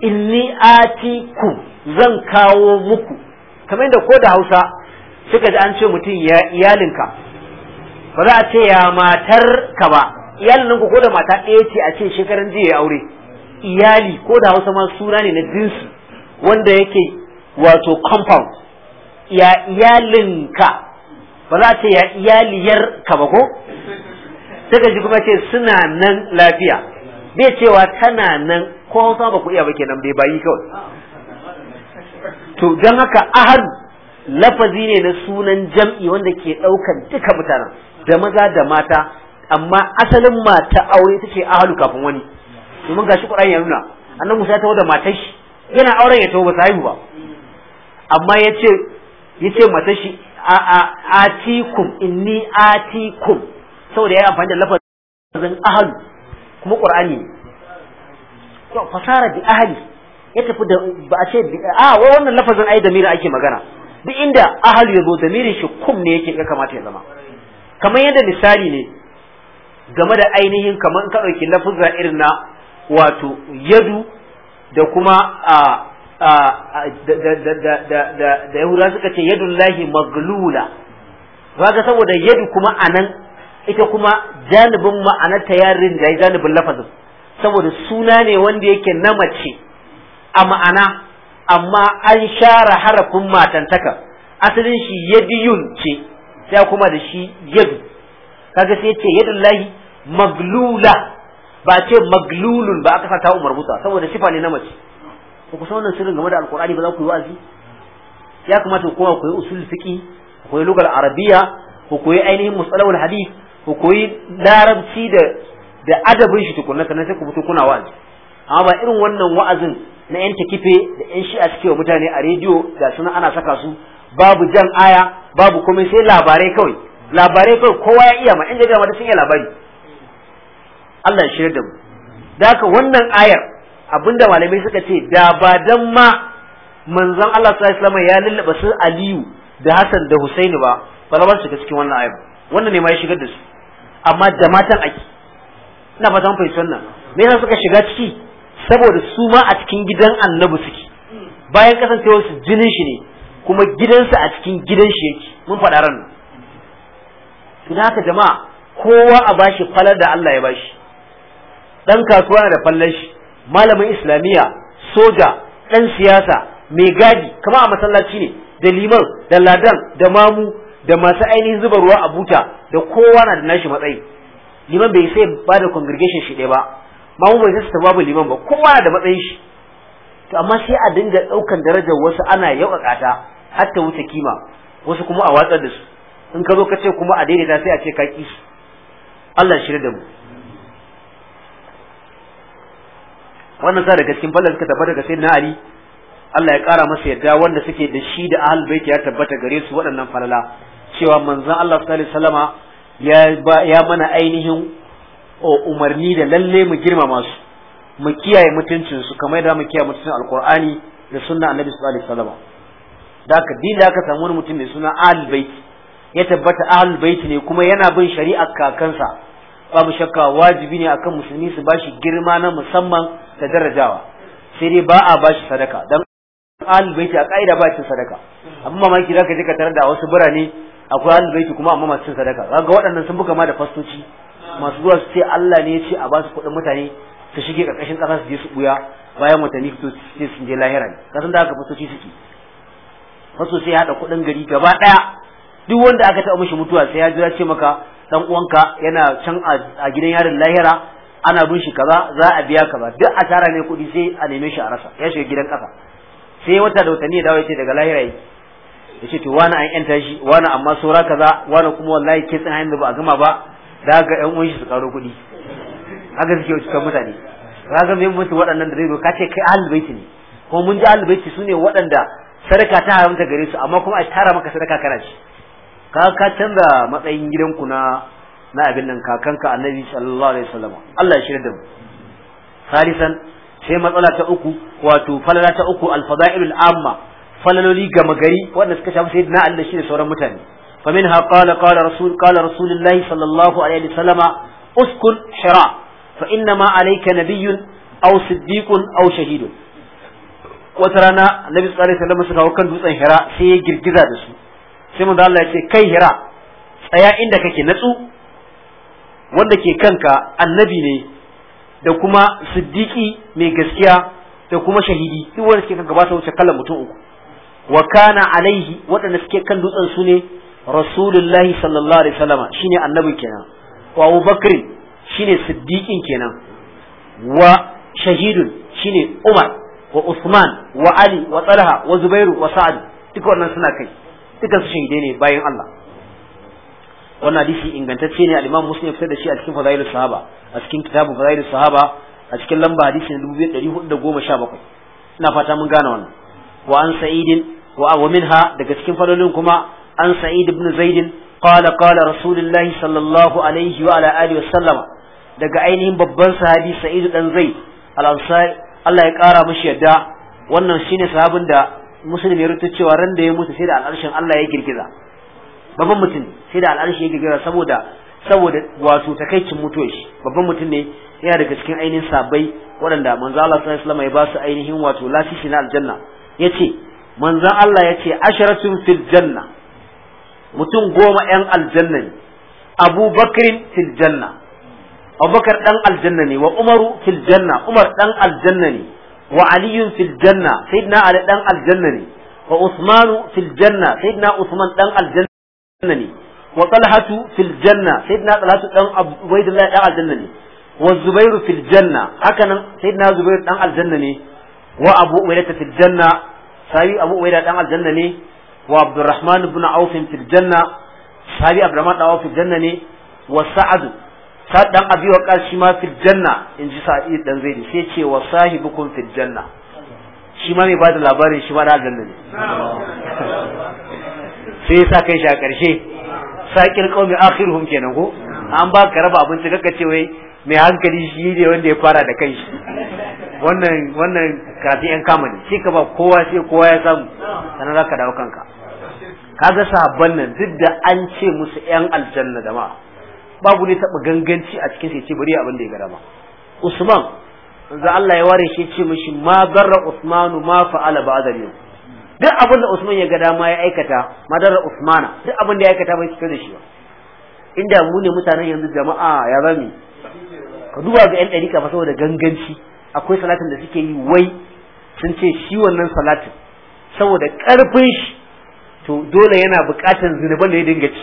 inni ku zan kawo muku kamar da ko da Hausa suka ji an ce mutum ya iyalinka ba za a ce ya matar ka ba iyalin ku ko da mata ɗaya ce a ce shekaran jiya ya aure iyali ko da hausa ma suna ne na jinsi wanda yake wato compound ya iyalinka ba za a ce ya iyaliyar ka ba ko Ta ji kuma ce suna nan lafiya bai cewa tana nan ko hausa ba ku iya ba kenan bai bayi kawai to don haka ahadu lafazi ne na sunan jam'i wanda ke ɗaukan duka mutanen da maza da mata amma asalin mata aure take ahalu kafin wani domin gashi Qur'ani ya nuna annabi Musa ya tawo da matar shi yana auren ya tawo ba sai ba amma yace yace matar shi a a atikum inni atikum saboda ya amfani da lafazin ahalu kuma Qur'ani to fasara bi ahli ya tafi da ba a ce a wannan lafazin ai da mira ake magana duk inda ahalu ya zo da mirin shi kum ne yake ya kamata ya zama kamar yadda misali ne game da ainihin kamar ka ɗauki lafuzza irin na wato yadu da kuma a da yahuda suka ce yadullahi maglula ga saboda yadu kuma anan ita kuma janibin ta yarin da ya janibin lafazin saboda suna ne wanda yake na mace a ma'ana amma an share harafin matantaka asalin shi yadiyun ce ya kuma da shi yadu kaga sai ce yadullahi maglula ba ce maglulun ba aka sata umar buta saboda sifa ne na mace ku kusa wannan sirrin game da alkur'ani ba za ku yi wa'azi ya kamata ku koma ku yi usul fiqi ku koyi lugal arabiya ku koyi ainihin musalawul hadith ku koyi larabci da da adabin shi tukunna sannan sai ku fito kuna wa'azi amma ba irin wannan wa'azin na yan takife da yan shi'a suke wa mutane a rediyo ga suna ana saka su babu jan aya babu komai sai labarai kawai labarai kawai kowa ya iya ma inda da sun iya labari Allah ya shirya da mu da haka wannan ayar abinda malamai suka ce da ba dan ma manzon Allah sallallahu alaihi ya lullaba su Aliyu da Hassan da Husaini ba ba su cikin wannan ayar wannan ne ma ya shigar da su amma da matan ake ina fata mun fahimci wannan me yasa suka shiga ciki saboda su ma a cikin gidan Annabi suke bayan kasancewar su jinin shi ne kuma gidansa a cikin gidan shi yake mun faɗa ran to haka jama'a kowa a bashi falar da Allah ya bashi dan kasuwa da fallashi malamin islamiyya soja dan siyasa mai gadi kama a masallaci ne da liman da ladan da mamu da masu ainihin zuba ruwa a buta da kowa na da nashi matsayi liman bai sai ba da congregation shi ɗaya ba mamu bai sai babu liman ba kowa na da matsayin shi to amma sai a dinga ɗaukan darajar wasu ana a ta har ta wuce kima wasu kuma a watsar da su in ka zo ka ce kuma a daidaita sai a ce ka ki su Allah shirya da mu wannan sa daga cikin falla suka tabbata ga sayyidina ali Allah ya kara masa yadda wanda suke da shi da ahlul baiti ya tabbata gare su waɗannan falala cewa manzon Allah sallallahu alaihi wasallama ya ya mana ainihin umarni da lalle mu girmama su mu kiyaye mutuncin su kamar yadda mu kiyaye mutuncin alqur'ani da sunna annabi sallallahu alaihi wasallama da ka da aka samu wani mutum mai suna ahlul baiti ya tabbata ahlul baiti ne kuma yana bin shari'ar kakansa babu shakka wajibi ne akan musulmi su bashi girma na musamman ta darajawa sai dai ba a bashi sadaka dan ahlul a kaida ba cin sadaka abin mamaki zaka je ka tarar da wasu birane akwai ahlul kuma amma masu cin sadaka kaga waɗannan sun buga ma da fastoci masu zuwa su ce Allah ne ya ce a ba kuɗin mutane su shige karkashin ƙasa su je su buya bayan watanni su ce sun je lahira ne kasan da aka fastoci suke fastoci ya haɗa kuɗin gari gaba ɗaya duk wanda aka taɓa mishi mutuwa sai ya ya ce maka dan uwanka yana can a gidan yarin lahira ana bin shi kaza za a biya kaza duk a tara ne kuɗi sai a neme shi a rasa ya shiga gidan ƙasa sai wata da watanni ya dawo ya ce daga lahira yake ya ce to wani an yanta shi wani amma saura kaza wani kuma wallahi ke tsin da ba a gama ba da ga ƴan uwan shi su karo kuɗi haka suke wuce kan mutane ga mai mutu waɗannan da zai zo ka ce kai ahlul baiti ne ko mun ji ahlul baiti sune waɗanda sadaka ta haramta gare su amma kuma a tara maka sadaka kana ci ka ka canza matsayin gidanku na na abin nan kakanka annabi sallallahu alaihi wasallam Allah ya shirya da mu salisan sai matsala ta uku wato falala ta uku alfadailul amma falaloli gama gari wanda suka shafi sayyidina Ali da shi da sauran mutane فمنها قال قال رسول sallallahu alaihi الله صلى الله عليه وسلم اسكن حراء فإنما عليك نبي أو صديق أو شهيد وترانا النبي صلى الله عليه وسلم kan dutsen دوتسن sai ya girgiza da su sai manzo Allah ya ce kai hira tsaya inda kake natsu wanda ke kanka annabi ne da kuma siddiqi mai gaskiya da kuma shahidi duk wanda suke kanka ba ta wuce kallon mutum uku wa kana alaihi waɗanda suke kan dutsen su ne rasulullahi sallallahu alaihi wasallama shine annabin kenan wa Abu Bakr shine siddiqin kenan wa shahidun shine Umar wa Usman wa Ali wa Talha wa Zubairu wa Sa'ad duka wannan suna kai duka su shahidai ne bayan Allah wannan hadisi ingantacce ne al-Imam Muslim ya fitar da shi a cikin Fadailus Sahaba a cikin kitabu Fadailus Sahaba a cikin lamba hadisi na 2417 ina fata mun gane wannan wa an Sa'id wa wa minha daga cikin fadolin kuma an Sa'id ibn Zaid qala qala Rasulullahi sallallahu alaihi wa ala alihi wa sallama daga ainihin babban sahabi Sa'id dan Zaid al-Ansari Allah ya kara mishi yadda wannan shine sahabin da Muslim ya rubuta cewa ran da ya mutu sai da al'arshin Allah ya girgiza babban mutum sai da al'arshi yake gaira saboda saboda wato takaicin mutuwar shi babban mutum ne yana daga cikin ainihin sabai waɗanda manzo Allah sallallahu alaihi wasallam ya ba su ainihin wato lasisi na aljanna yace manzo Allah yace asharatun fil janna mutum goma yan aljanna ne Abu Bakr fil janna Abu Bakar dan aljanna ne wa Umaru fil janna Umar dan aljanna ne wa Ali fil janna Sayyidina Ali dan aljanna ne wa Usmanu fil janna Sayyidina Usman dan aljanna aljanna ne wa talhatu fil janna sayyidina talhatu dan ubaidullah dan aljanna ne wa zubairu fil janna haka nan sayyidina zubairu dan aljanna ne wa abu ubaida fil janna sayyid abu ubaida dan aljanna ne wa abdurrahman ibn auf fil janna sayyid abdurrahman dan auf fil janna ne wa sa'ad sa'ad dan abi waqas shi ma fil janna in ji sa'id dan zaidi sai ce wa sahibukum fil janna shi ma mai bada labarin shi ma da aljanna ne sai ya sa kai shi a ƙarshe saƙir hun akhiruhum kenan ko an ba ka raba abinci kaka ce wai mai hankali shi ne wanda ya fara da kai wannan wannan kafin yan kama ne shi ka ba kowa sai kowa ya samu sannan za ka dawo kanka kaga sahabban nan duk da an ce musu yan aljanna dama babu ne taɓa ganganci a cikin sai ce bari abin da ya gara ba usman za Allah ya ware shi ce mishi ma zarra usmanu ma fa'ala ba'da yau duk abin da Usman ya ga dama ya aikata madara Usmana duk abin da ya aikata bai fito da shi ba inda mu ne mutanen yanzu jama'a ya zame ka duba ga yan ɗarika fa saboda ganganci akwai salatin da suke yi wai sun ce shi wannan salatin saboda karfin shi to dole yana buƙatar zunuban da ya dinga ci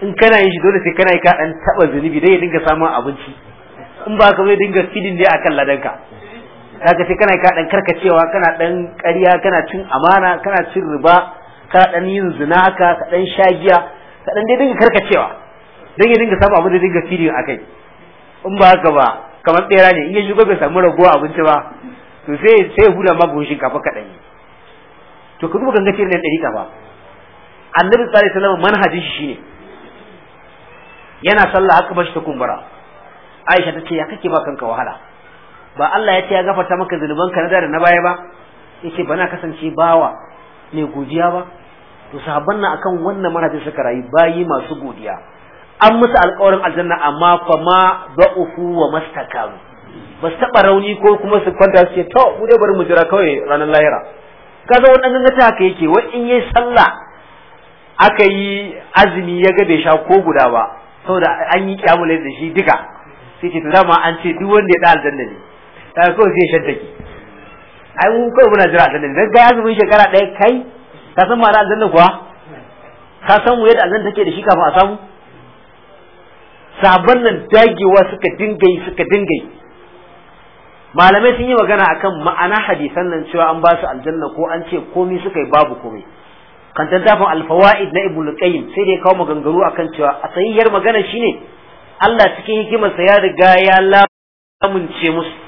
in kana yin shi dole sai kana yi ka ɗan taɓa zunubi dai ya dinga samun abinci in ba ka bai dinga fidin dai akan ladanka kaga sai kana ka dan karkacewa kana dan ƙarya kana cin amana kana cin riba kana dan yin zina haka ka dan shagiya ka dan dai dinga karkacewa dan ya dinga samu abin da dinga fili kai in ba haka ba kamar tsera ne in ya shigo bai samu rago abinci ba to sai sai huda ma buhun shinkafa kaɗan to ka duba gangace ne dariƙa ba annabi sallallahu alaihi wasallam manhajin shi ne yana sallah haka bashi ta kumbura aisha ta ce ya kake ba kanka wahala ba Allah ya ce ya gafarta maka zunuban ka na da na baya ba yace bana kasance bawa mai godiya ba to sahabban nan akan wannan manhajin suka rayu bayi masu godiya an musu alƙawarin aljanna amma fa ma ba'ufu wa mastakaru ba su taɓa rauni ko kuma su kwanta su ce to mu dai bari mu jira kawai ranar lahira kaza wannan gangata haka yake wai in yayi sallah aka yi azumi ya ga bai sha ko guda ba saboda an yi kyamulai da shi duka sai ce to dama an ce duk wanda ya da aljanna ne ta kawai sai shantake ai mu kawai muna jira aljanna dan ga azumin shekara ɗaya kai ka san ma aljanna kuwa ka san mu yadda aljanna take da shi kafin a samu sabon nan dagewa suka dinga yi suka dinga yi malamai sun yi magana akan ma'ana hadisan nan cewa an ba su aljanna ko an ce komai suka yi babu komai kan tafin alfawaid na ibnu qayyim sai dai kawo maganganu akan cewa a tsayiyar magana shine Allah cikin hikimarsa ya riga ya lamunce musu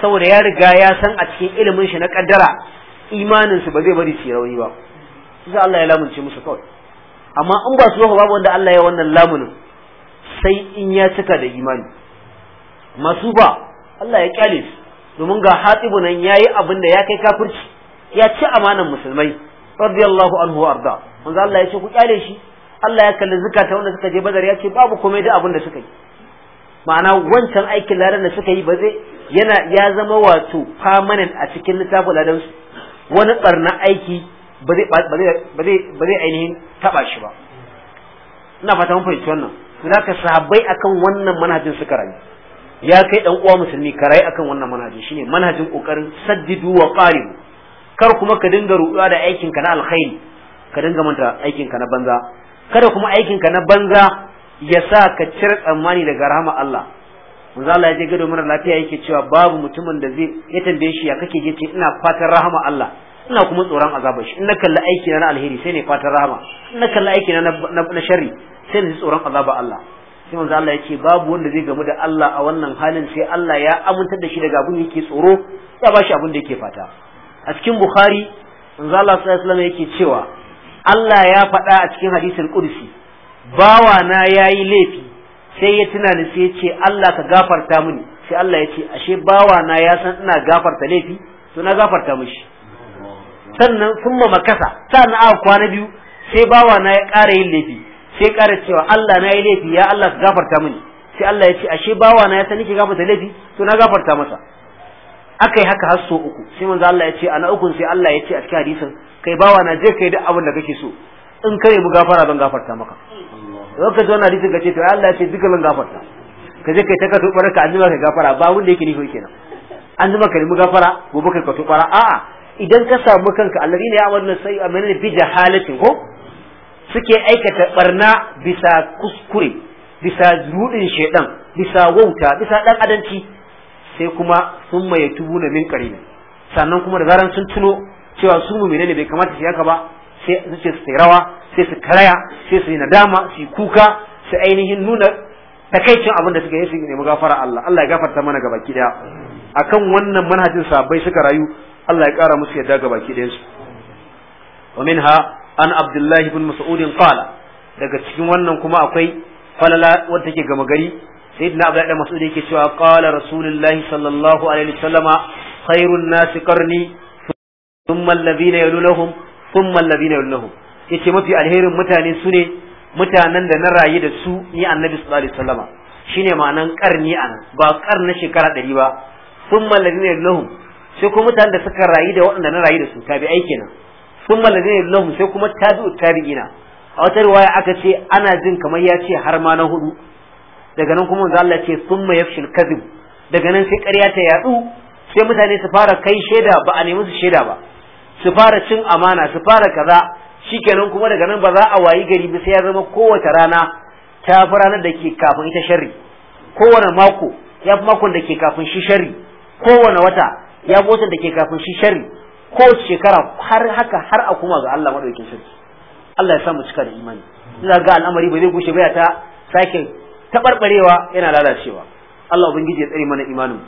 saboda ya riga ya san a cikin ilimin shi na kaddara imanin su ba zai bari su rauni ba sai Allah ya lamunce musu kawai amma in ba su ba babu wanda Allah ya wannan lamunin sai in ya cika da imani masu ba Allah ya kyale su domin ga hatibu nan yayi abin da ya kai kafirci ya ci amanan musulmai radiyallahu anhu arda manzo Allah ya ce ku kyale shi Allah ya kalli ta wanda suka je badar ya ce babu komai da abin da suka yi ma'ana wancan aikin laran da suka yi ba zai yana ya zama wato permanent a cikin littafin ladan su wani barna aiki ba zai ainihin taba shi ba ina fata mun fahimci wannan za ka sahabbai akan wannan manhajin suka rayu ya kai dan uwa musulmi ka rayu akan wannan manhajin shine manhajin kokarin saddidu wa qaribu kar kuma ka dinga ruɗuwa da aikin ka na alkhairi ka dinga manta aikin ka na banza kada kuma aikin ka na banza ya sa ka cire tsammani daga rahama Allah manzo Allah ya je gado mara lafiya yake cewa babu mutumin da zai ya tambaye shi ya kake je ce ina fatan rahama Allah ina kuma tsoron azabar shi ina na kalli aiki na alheri sai ne fatan rahama ina kalla aiki na na sharri sai ne tsoron azabar Allah sai manzo Allah yake babu wanda zai gamu da Allah a wannan halin sai Allah ya aminta da shi daga abin da yake tsoro ya ba shi abin da yake fata a cikin Bukhari manzo Allah sallallahu alaihi yake cewa Allah ya faɗa a cikin hadisin Qudsi bawana yayi laifi sai ya tuna ni sai ya ce Allah ka gafarta mini sai Allah ya ce ashe bawa na ya san ina gafarta laifi to na gafarta mishi sannan kuma makasa sannan aka kwana biyu sai bawa na ya ƙara yin laifi sai ƙara cewa Allah na yi laifi ya Allah ka gafarta mini sai Allah ya ce ashe bawa na ya san nake gafarta laifi to na gafarta masa akai haka har so uku sai manzo Allah ya ce ana ukun sai Allah ya ce a cikin hadisin kai bawa na je kai duk abin da kake so in kare mu gafara ban gafarta maka ka ji wannan hadisi ka ce to Allah ya ce duka zan gafarta ka je kai ta ka tubara ka anjima ka gafara ba wanda yake nufi kenan anjima ka nemi gafara gobe kai ka tubara a'a idan ka samu kanka alladina ya wannan sai amana bi jahalatin ko suke aikata barna bisa kuskure bisa rudin shedan bisa wauta bisa dan adanci sai kuma sun mai tubu na min kare sannan kuma da zaran sun tuno cewa su mu menene bai kamata shi haka ba sai zuciyar su rawa sai su karaya sai su yi nadama su yi kuka su ainihin nuna takaicin abin da suka yi su nemi gafara Allah Allah ya gafarta mana gabaki daya akan wannan manhajin sabai suka rayu Allah ya kara musu yadda gaba dayan su wa minha an Abdullahi ibn Mas'ud qala daga cikin wannan kuma akwai falala wanda take gama gari sayyidina Abdullahi ibn Mas'ud yake cewa qala rasulullahi sallallahu alaihi wasallama khairun nasi qarni ثم الذين يلونهم thumma alladhina ya yace mafi alherin mutane su ne mutanen da na rayu da su ni annabi sallallahu alaihi wasallama shine ma'anan karni an ba na shekara ɗari ba thumma alladhina yalunhum sai kuma mutanen da suka rayu da waɗanda na rayu da su tabi'ai kenan thumma alladhina yalunhum sai kuma tabi'u tabi'ina a wata riwaya aka ce ana jin kamar ya ce har ma na hudu daga nan kuma Allah ce thumma yafshil kadhib daga nan sai ƙarya ta yaɗu, sai mutane su fara kai shaida ba a nemi su shaida ba su fara cin amana su fara kaza shikenan kuma daga nan ba za a wayi gari ba sai ya zama kowace rana ta fi ranar da ke kafin ita sharri kowane mako ya fi makon da ke kafin shi sharri kowane wata ya fi watan da ke kafin shi shari. kowace shekara har haka har a kuma ga Allah madaukakin sarki Allah ya samu cika da imani ina ga al'amari ba zai gushe ba ya ta sake tabarbarewa yana lalacewa Allah ubangiji ya tsare mana imanin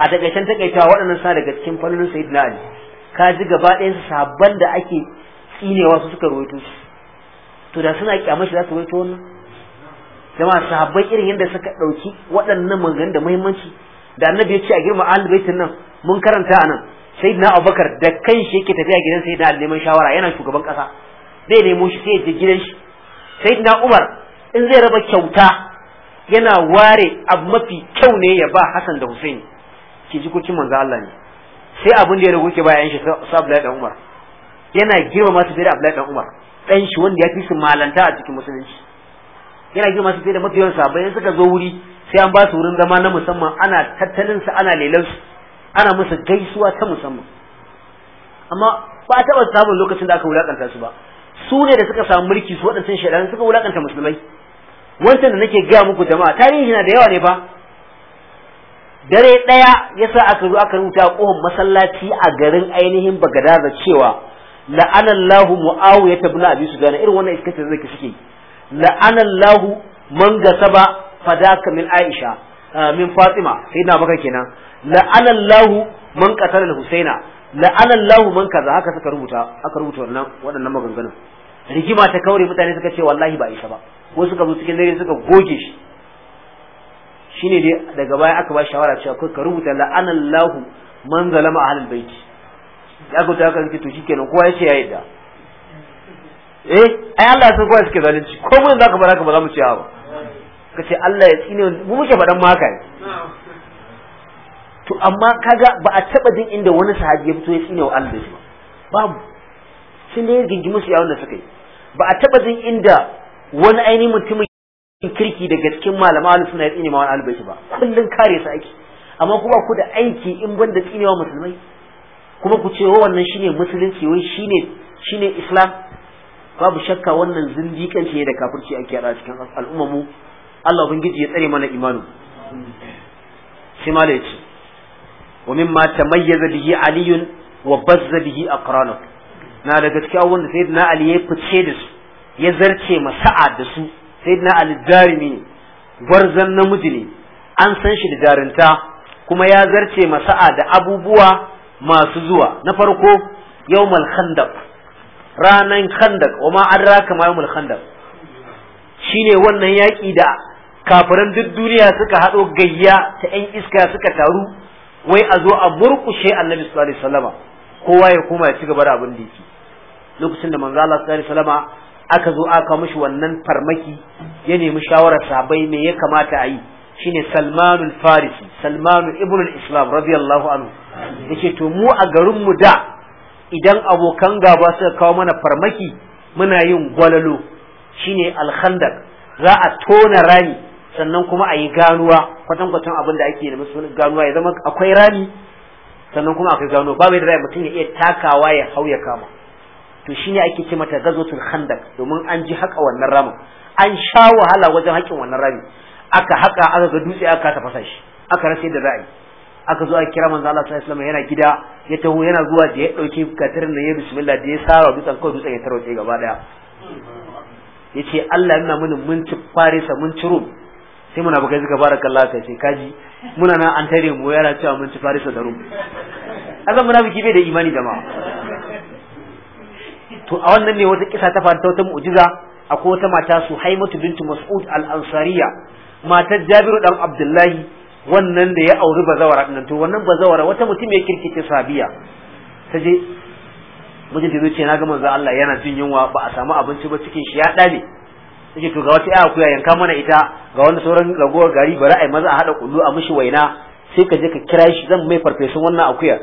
a takaicen takaitawa waɗannan sa daga cikin fannin sayyidina Ali ka ji gaba ɗayan su sabon da ake tsinewa su suka rawaito shi to da suna kyamar shi za su rawaito wannan jama'a sabon irin yadda suka ɗauki waɗannan maganganun da muhimmanci da annabi ya ce a girma ahlul baitin nan mun karanta a nan sayyidina abubakar da kanshi yake tafiya gidan sayyidina ali neman shawara yana shugaban kasa zai nemo shi sai ya je gidan shi sayyidina umar in zai raba kyauta yana ware abu mafi kyau ne ya ba Hassan da hussein ke kucin manzo Allah ne sai abin da ya rago ke bayan shi su Abdullahi dan Umar yana girma masu fiye da Abdullahi dan Umar dan shi wanda ya fi su malanta a cikin musulunci yana girma masu fiye da mafi yawan sahabbai in suka zo wuri sai an ba su wurin zama na musamman ana tattalin su ana lelan su ana musu gaisuwa ta musamman amma ba a taɓa samun lokacin da aka wulakanta su ba su ne da suka samu mulki su waɗancan shaidan suka wulakanta musulmai wancan da nake gaya muku jama'a tarihi na da yawa ne fa dare ɗaya sa aka zo aka rubuta kohon masallaci a garin ainihin bagada da cewa la'anallahu muawiya ibn abi gane irin wannan iskace zai suke la'anallahu man gasaba fadaka min aisha ah, min fatima na maka kenan la'anallahu man qatala da husaina la'anallahu man kaza haka suka rubuta aka rubuta wannan waɗannan maganganun rigima ta kaure mutane suka ce wallahi ba aisha ba wasu suka zo cikin dare suka goge shi shine dai daga baya aka ba shawara cewa kai ka rubuta la'anallahu man zalama ahlul bait ya ga ta kan to shikenan kowa ya ce ya yadda eh ai Allah sun kowa suke zalunci ko mun zaka bara ka ba za mu ce ba kace Allah ya tsine mu muke fadan maka ne to amma kaga ba a taba jin inda wani sahabi ya fito ya tsine wa Allah ba babu sun da ya gingimin su yawon da suka yi ba a taba jin inda wani ainihin mutumin kirki da gaskin malama ahlus suna ya tsine ma wani albaiti ba kullum kare su ake amma kuma ku da aiki in ban da tsinewa musulmai kuma ku ce oh, wannan shine musulunci wai shine shine islam babu shakka wannan zindiƙanci ne da kafirci ake yada cikin al'ummar mu Allah ubangiji ya tsare mana imanu sai mala yace wa mimma tamayyaza bihi aliyun wa bazza bihi aqranu na daga cikin wanda sayyidina ali ya fice da su ya zarce masa'a da su sayyidina ali jarimi ne gwarzon namiji ne an san shi da jarinta kuma ya zarce masa'a da abubuwa masu zuwa na farko yawmal khandaq ranan khandaq wa ma adraka ma yawmal khandaq shine wannan yaki da kafiran duk duniya suka hado gayya ta 'yan iska suka taru wai a zo a murkushe annabi sallallahu alaihi wasallama kowa ya koma ya ci gaba da abin da yake lokacin da manzo Allah sallallahu alaihi wasallama aka zo aka mishi wannan farmaki ya nemi shawarar sahabbai me ya kamata a yi shine Salman al-Farisi Salmanu ibn al-Islam radiyallahu anhu yace to mu a garin mu da idan abokan gaba suka kawo mana farmaki muna yin gwalalo shine al-Khandaq za a tona rami sannan kuma a yi ganuwa Kwatan kwatan abin da ake nemi sunan ganuwa ya zama akwai rami sannan kuma akwai ganuwa babu yadda mutum ya iya takawa ya hau ya kama to ne ake ce mata gazotul khandak domin an ji haka wannan ramin an sha wahala wajen haƙin wannan rami aka haka aka ga dutse aka fasa shi aka rasa da ra'ayi aka zo a kira manzo Allah sallallahu alaihi wasallam yana gida ya taho yana zuwa da ya dauki katirin da ya bismillah da ya sara dutsen kawai dutsen ya tarwace gaba daya yace Allah yana mini mun ci farisa mun ci rum sai muna buga zuka barakallahu ta ce kaji muna nan an tare mu yana cewa mun ci farisa da rum azan munafiki bai da imani jama'a to a wannan ne wata kisa ta faru ta wata mu'jiza akwai wata mata su haimatu bintu Mas'ud al-Ansariya matar Jabiru dan Abdullahi wannan da ya auri bazawara din to wannan bazawara wata mutum ya kirkice sabiya ta je mijin da zuciya na ga manzo Allah yana jin yunwa ba a samu abinci ba cikin shi ya dame yake to ga wata ya akuya yanka mana ita ga wani sauran ragowar gari bari ai maza a haɗa kullu a mishi waina sai ka je ka kira shi zan mai farfesun wannan akuyar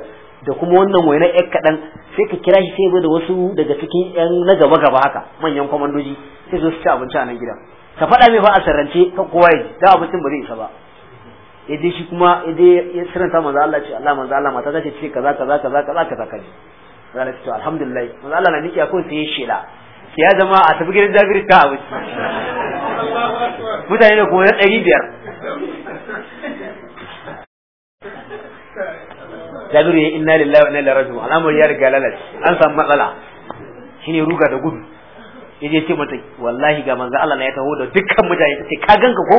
da kuma wannan wainar ɗan kaɗan sai ka kira shi sai da wasu daga cikin ƴan na gaba gaba haka manyan kwamandoji sai su ci abinci a nan gidan ka faɗa mai fa a sarrance kan kowa yi da abincin ba zai isa ba idan shi kuma idan ya ta manzo Allah ce Allah manzo Allah mata ta ce kaza kaza kaza kaza kaza kaji zan ce to alhamdulillah manzo Allah na niki akon sai ya shela sai ya zama a tafi gidan Jabir ta abinci mutane da kuma na 500 zuri ya inna lillahi wa inna ilaihi raji'un al'amari ya riga lalace an samu matsala shine ruga da gudu yaje ce mata wallahi ga manzo Allah na ya taho da dukkan mutane ce ka ganka ko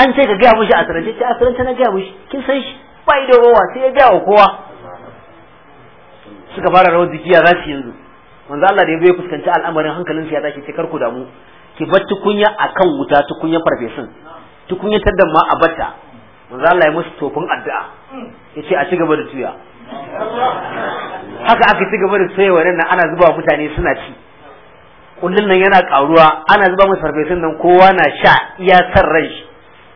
an ce ka ga mushi a sarance ce a sarance na ga mushi kin san shi bai da rowa sai ya ga wa kowa suka fara rawar jikiya za su yanzu manzo Allah da ya bai fuskanci al'amarin hankalin ya tashi ce kar ku damu ki bar tukunya akan wuta tukunya farfesun tukunya tadda ma a bata manzo Allah ya musu tofin addu'a yace a ci gaba da tuya haka aka ci gaba da soyewa nan ana zuba mutane suna ci kullun nan yana karuwa ana zuba masa farfesun nan kowa na sha iya san ran shi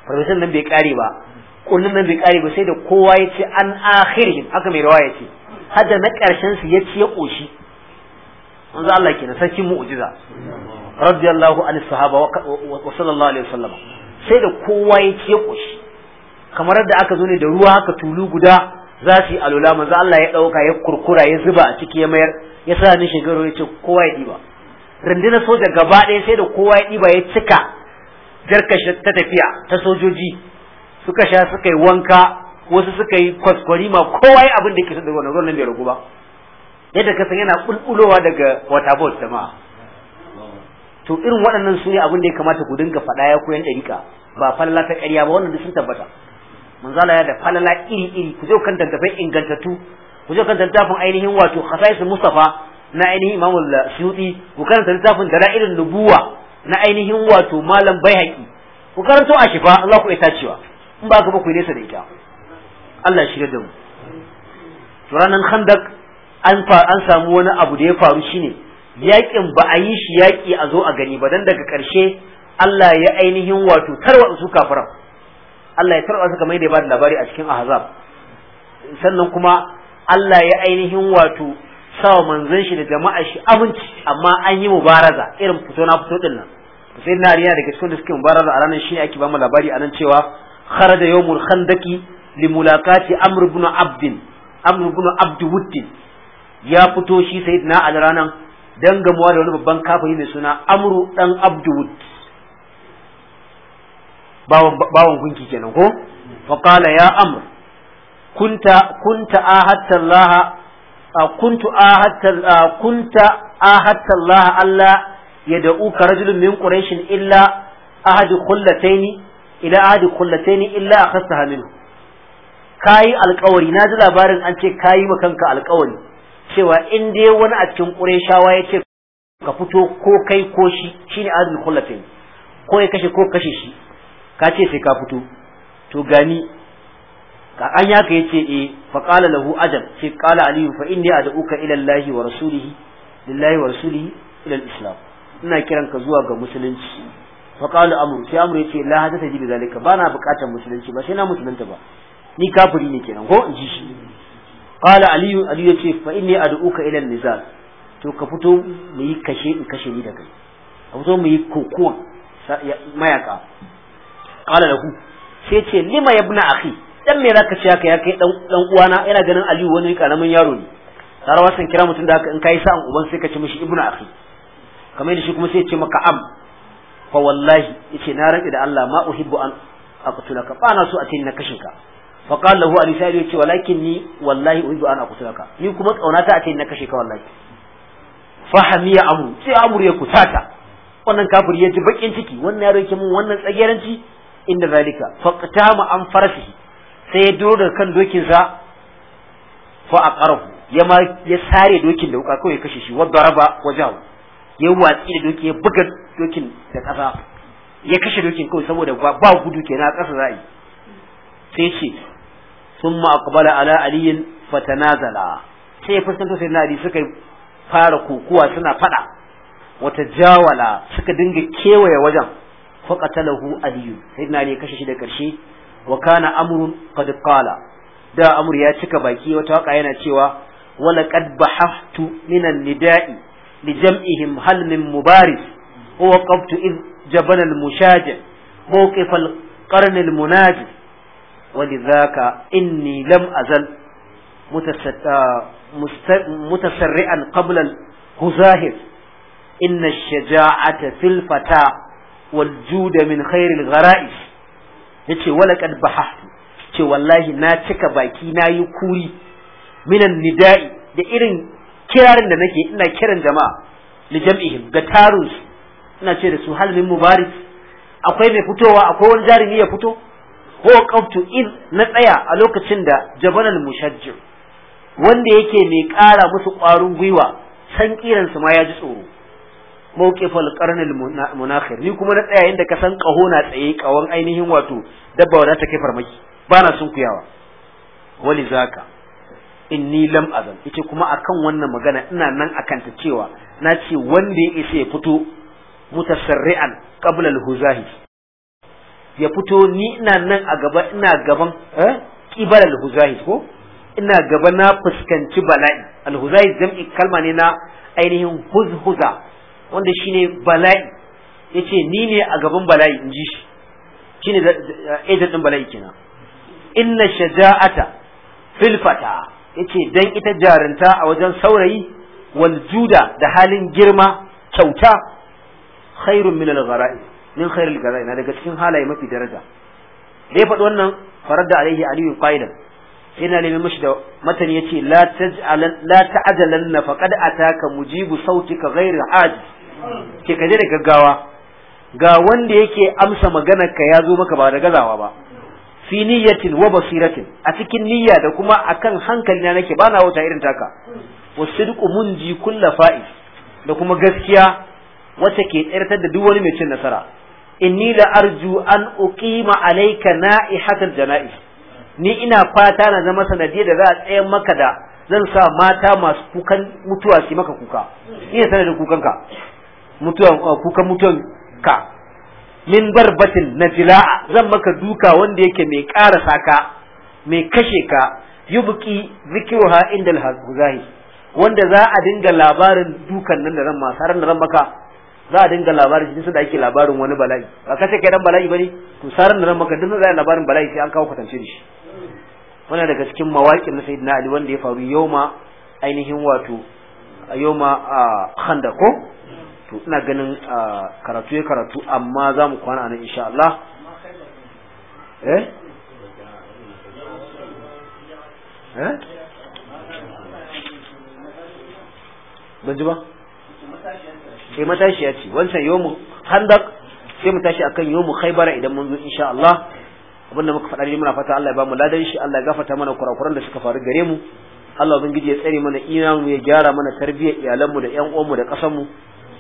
farfesun nan bai kare ba kullun nan bai kare ba sai da kowa ya ce an akhirin haka mai rawaya ce har da na karshen su ya ci ya koshi manzo Allah kenan sarkin mu'jiza radiyallahu anhu sahaba wa sallallahu alaihi wasallam sai da kowa ya ci ya koshi kamar da aka zo ne da ruwa haka tulu guda za su yi alula manzo Allah ya ɗauka ya kurkura ya zuba a ciki ya mayar ya sa ni shigaro ya ce kowa ya ɗiba. rundunar soja gaba ɗaya sai da kowa ya ɗiba ya cika jarkashi ta tafiya ta sojoji suka sha suka yi wanka wasu suka yi ma kowa ya abin da ke da na ruwan bai ragu ba yadda ka san yana ɓulɓulowa daga waterboard jama'a to irin waɗannan su ne abin da ya kamata ku dinga faɗa ya koyan ɗarika ba falla ta ƙarya ba wannan sun tabbata manzala ya da falala iri iri ku je kan tantafai ingantattu ku je kan tantafin ainihin wato khasaisu mustafa na ainihin imam al-suyuti ku karanta littafin dalailun nubuwa na ainihin wato malam baihaqi ku karanto a shifa Allah ku ita cewa in ba ka ba ku nesa da ita Allah shi da mu to ranan khandak an an samu wani abu da ya faru shine yakin ba a yi shi yaki a zo a gani ba dan daga karshe Allah ya ainihin wato tarwatsa su kafiran Allah ya tarwa suka mai da ba labari a cikin ahzab sannan kuma Allah ya ainihin wato sawa manzon shi da jama'a shi abinci amma an yi mubaraza irin fito na fito din nan sai na riya daga cikin da suke mubaraza a ranar shine ake ba mu labari anan cewa kharaja yawmul khandaki li mulaqati amr ibn abd amr ibn abd ya fito shi sayyidina a ranar dan gamuwa da wani babban kafiri mai suna amru dan abd bawan gunki kenan ko fa qala ya amr kunta kunta ahadta Allah kuntu ahadta kunta ahadta Allah alla yad'uka rajulun min quraish illa ahad khullataini ila ahad khullataini illa akhadtaha minhu kayi alkawari na ji labarin an ce kayi ma kanka alkawari cewa in dai wani a cikin qurayshawa ya ce ka fito ko kai ko shi shine azul kullatin ko ya kashe ko kashe shi ka ce sai ka fito to gani ka an ya ka yace eh fa qala lahu ajab sai qala ali fa inni ad'uka ila allahi wa rasulihi lillahi wa rasulihi ila islam ina kiran ka zuwa ga musulunci fa qala amru sai amru yace la hadatha bi zalika bana bukatar musulunci ba sai na musulunta ba ni kafiri ne kenan ko in ji shi qala ali ali yace fa inni ad'uka ila nizal to ka fito mu yi kashe in kashe ni da kai a fito mu yi kokuwa mayaka qala lahu sai ce lima yabna akhi dan me zaka ce haka ya kai dan uwa uwana yana ganin aliyu wani karamin yaro ne sarawa san kira mutum da haka in kai sa'an uban sai ka ce mishi ibnu akhi kamar yadda shi kuma sai ya ce maka am fa wallahi yace na rabi da Allah ma uhibbu an aqtulaka ba na so a ce na kashe ka fa qala lahu ali sai yace walakin ni wallahi uhibbu an aqtulaka ni kuma kaunata a ce na kashe ka wallahi fa hamiya amru sai amru ya kusata wannan kafir ya ji bakin ciki wannan yaro yake mun wannan tsageranci inda zalika mu an farasihi sai ya dora daga kan dokinsa fa aqarahu ya ma ya sare dokin da wuka kawai ya kashe shi wa daraba wajahu ya watsi da doki ya buga dokin da kasa ya kashe dokin kawai saboda ba gudu kenan a kasa za'i sai ce summa aqbala ala aliyin fatanazala sai ya fuskanto sai na ali suka fara kokuwa suna fada wata jawala suka dinga kewaye wajen faqatalahu ali sayyidina ne kashe shi da karshe wa kana amrun qad qala da amr ya cika baki wata waka yana cewa wala qad bahaftu min an-nida'i li jam'ihim hal min mubariz huwa qabtu id jabana al-mushaj mawqif al-qarn al-munaji ولذاك إني لم أزل متسرعا قبل الهزاهر إن الشجاعة في الفتاة wal juda min khairil ghara'is yace wala kad bahahtu ce wallahi na cika baki na yi kuri minan nida'i da irin kirarin da nake ina kiran jama'a li jam'ihim ga tarus ina ce da su hal min mubarak akwai mai fitowa akwai wani jarumi ya fito ko qaftu in na tsaya a lokacin da jabalal mushajjir wanda yake mai kara musu ƙwarin gwiwa san kiran su ma ya ji tsoro mawqifal qarn al munakhir ni kuma na tsaya inda ka san kaho na tsaye kawan ainihin wato dabba wadda kai farmaki bana sunkuyawa wali zaka inni lam azan ita kuma akan wannan magana ina nan akan ta cewa na ce wanda ya isa ya fito mutasarri'an qabla al-huzahi ya fito ni ina nan a gaba ina gaban eh qibala al-huzahi ko ina gaba na fuskanci bala'i al-huzahi jam'i kalma ne na ainihin huzhuza wanda shine bala'i ce ni ne a gaban bala'i in ji shi da agent ɗin bala'i kenan inna shaja'ata filfata ya ce don ita jarinta a wajen saurayi wal juda da halin girma kyauta khairun min al Nin min khairil garai na daga cikin halaye mafi daraja da ya faɗi wannan Farar da alaihi aliyu qaidan sai na nemi mashi da matan yace la taj'alan la ta'jalanna faqad ataka mujibu ka ghairu haji ke kaje da gaggawa ga wanda yake amsa maganar ka ya zo maka ba da gazawa ba fi niyyatin wa basiratin a cikin niyya da kuma akan hankali na nake bana wata irin taka wasidqu munji kulla fa'i da kuma gaskiya wacce ke tsirtar da duk wani mai cin nasara inni la arju an uqima alayka na'ihatal jana'is ni ina fata na zama sanadiyar da za a tsayar maka da zan sa mata masu kukan mutuwa su maka kuka ina sanadin kukanka mutuwan uh, kukan mutuwan ka min barbatin na fila zan maka duka wanda yake mai ƙarasa ka mai kashe ka yi yubki ha inda al-hazuzahi wanda za a dinga labarin dukan nan da zan masu ran da zan maka za a dinga labarin shi da ake labarin wani bala'i ba kashe kai dan bala'i bane to saran zan maka duk da a labarin bala'i sai an kawo kwatance da shi wannan daga cikin mawaƙin na sayyidina ali wanda ya faru yauma ainihin wato yauma a ah, ko to ina ganin karatu ya karatu amma za mu kwana nan insha Allah eh? eh ban ji ba eh matashiya ce wancan yomu handak sai mu tashi akan mu khaibara idan mun zo insha Allah abinda muka faɗa ne muna fata Allah ya mu ladan shi Allah ya gafarta mana kurakuran da suka faru gare mu Allah ubangiji ya tsare mana imamu ya gyara mana tarbiyyar iyalanmu da ƴan uwanmu da ƙasarmu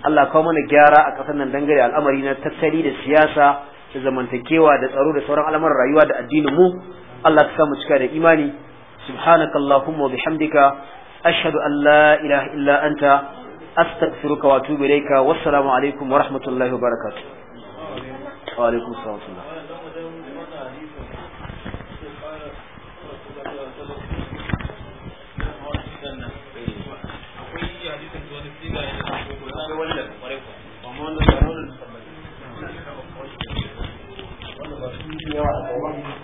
Allah kawo mana gyara a kasar nan dangare al'amari na tattali da siyasa da zamantakewa da tsaro da sauran al'amuran rayuwa da addinin mu Allah ka samu cika da imani subhanakallahumma wa bihamdika ashhadu an la ilaha illa anta astaghfiruka wa atubu ilayka wassalamu alaikum wa rahmatullahi wa barakatuh wa alaikum assalam 你玩过吗？